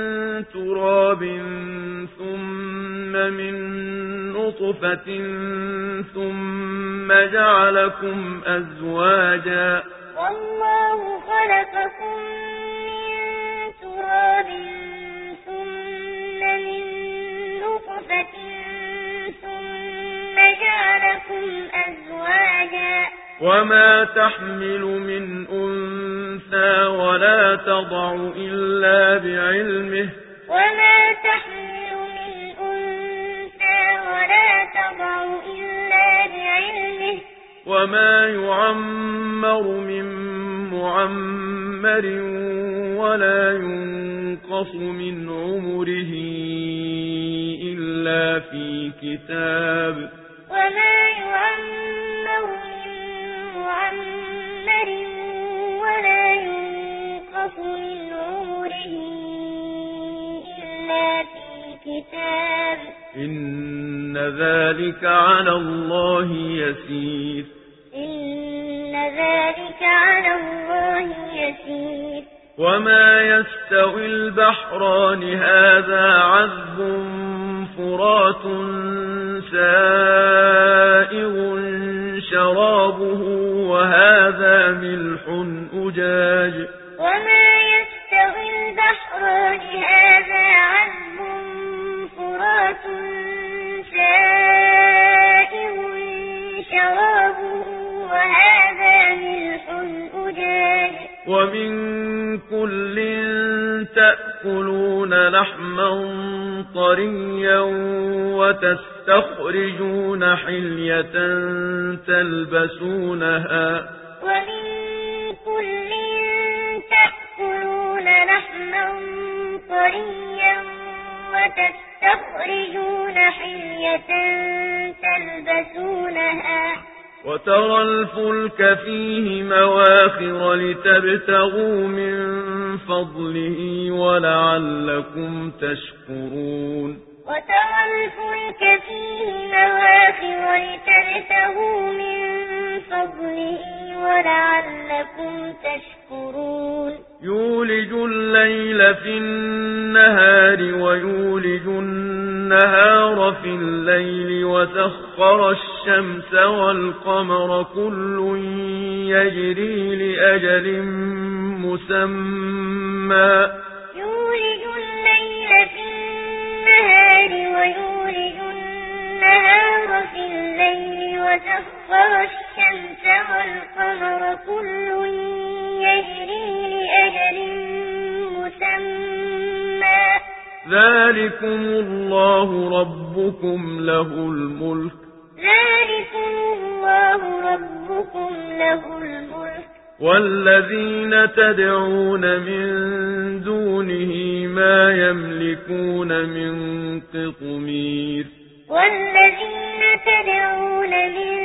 تراب ثم من نطفة ثم جعلكم أزواجا والله خلقكم من تراب ثم من غرفة ثم جعلكم أزواجا وما تحمل من أنثى ولا تضع إلا بعلمه وما تحمل من أنثى ولا تضع إلا بعلمه وما يعمر من معمر ولا ينقص من عمره إلا في كتاب وما يعمر من معمر ولا ينقص من عمره إلا في كتاب إن ذلك على الله يسير إن ذلك على الله يسير وما يستوي البحران هذا عذب فرات سائغ شرابه وهذا ملح أجاج وما يستوي البحران هذا عذب فرات سائغ شرابه وهذا ملح أجاج ومن كل تأكلون لحما طريا وتستخرجون حلية تلبسونها ومن كل تأكلون لحما طريا وتستخرجون حلية تلبسونها وترى الفلك فيه مواخر لتبتغوا من فضله ولعلكم تشكرون وترى الفلك فيه مواخر لتبتغوا من فضله ولعلكم تشكرون يولج الليل في النهار ويولج النهار في الليل وسخر الشمس والقمر كل يجري لأجل مسمى يولج النهار ويولج النهار في الليل وسخر الشمس والقمر كل يجري لأجل مسمى ذلكم الله ربكم له الملك ذلكم الله ربكم له الملك والذين تدعون من دونه ما يملكون من قطمير والذين تدعون من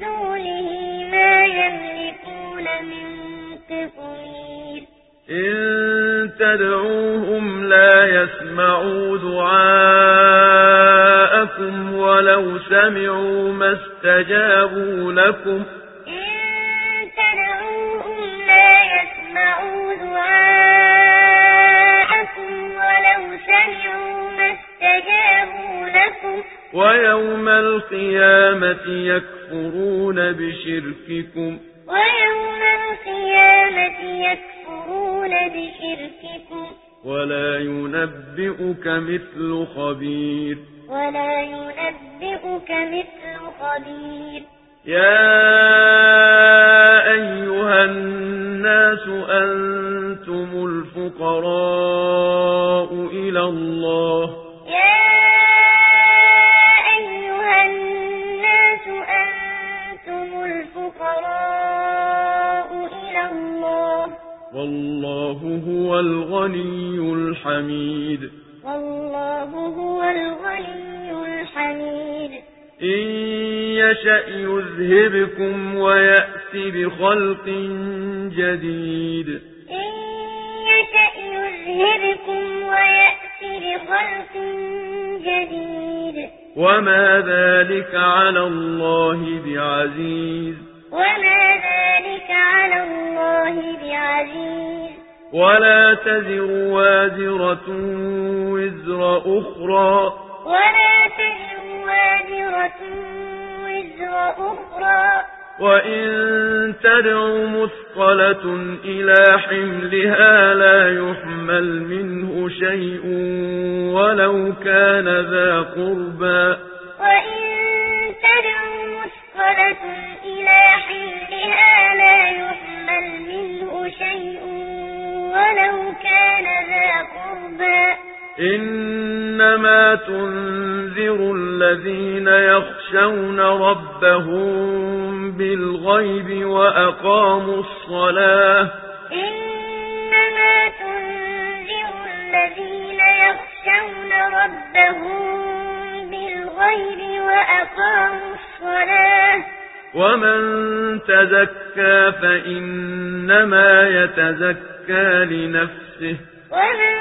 دونه ما يملكون من قطمير إن تدعوهم لا يسمعوا دعاءكم ولو سمعوا ما استجابوا لكم ۖ ويوم القيامة يكفرون بشرككم ويوم القيامة يكفرون بشرككم ولا ينبئك مثل خبير ولا ينبئك مثل خبير يا أيها الناس أنتم الفقراء إلى الله يا والله هو الغني الحميد والله هو الغني الحميد إن يشأ يذهبكم ويأتي بخلق جديد إن يشأ يذهبكم ويأتي بخلق جديد وما ذلك على الله بعزيز وما ذلك على الله بعزيز ولا تزر وازرة وزر أخرى ولا تزر وازرة وزر أخرى وإن تدع مثقلة إلى حملها لا يحمل منه شيء ولو كان ذا قربا وإن تدع مثقلة إِلَىٰ لَا يُحْمَلْ مِنْهُ شَيْءٌ وَلَوْ كَانَ ذَا إِنَّمَا تُنذِرُ الَّذِينَ يَخْشَوْنَ رَبَّهُم بِالْغَيْبِ وَأَقَامُوا الصَّلَاةَ إِنَّمَا تُنذِرُ الَّذِينَ يَخْشَوْنَ رَبَّهُم الغيب وأقاموا الصلاة ومن تزكى فإنما يتزكى لنفسه ومن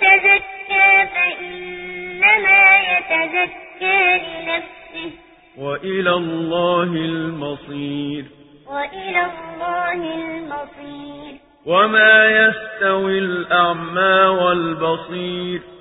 تزكى فإنما يتزكى لنفسه وإلى الله المصير وإلى الله المصير وما يستوي الأعمى والبصير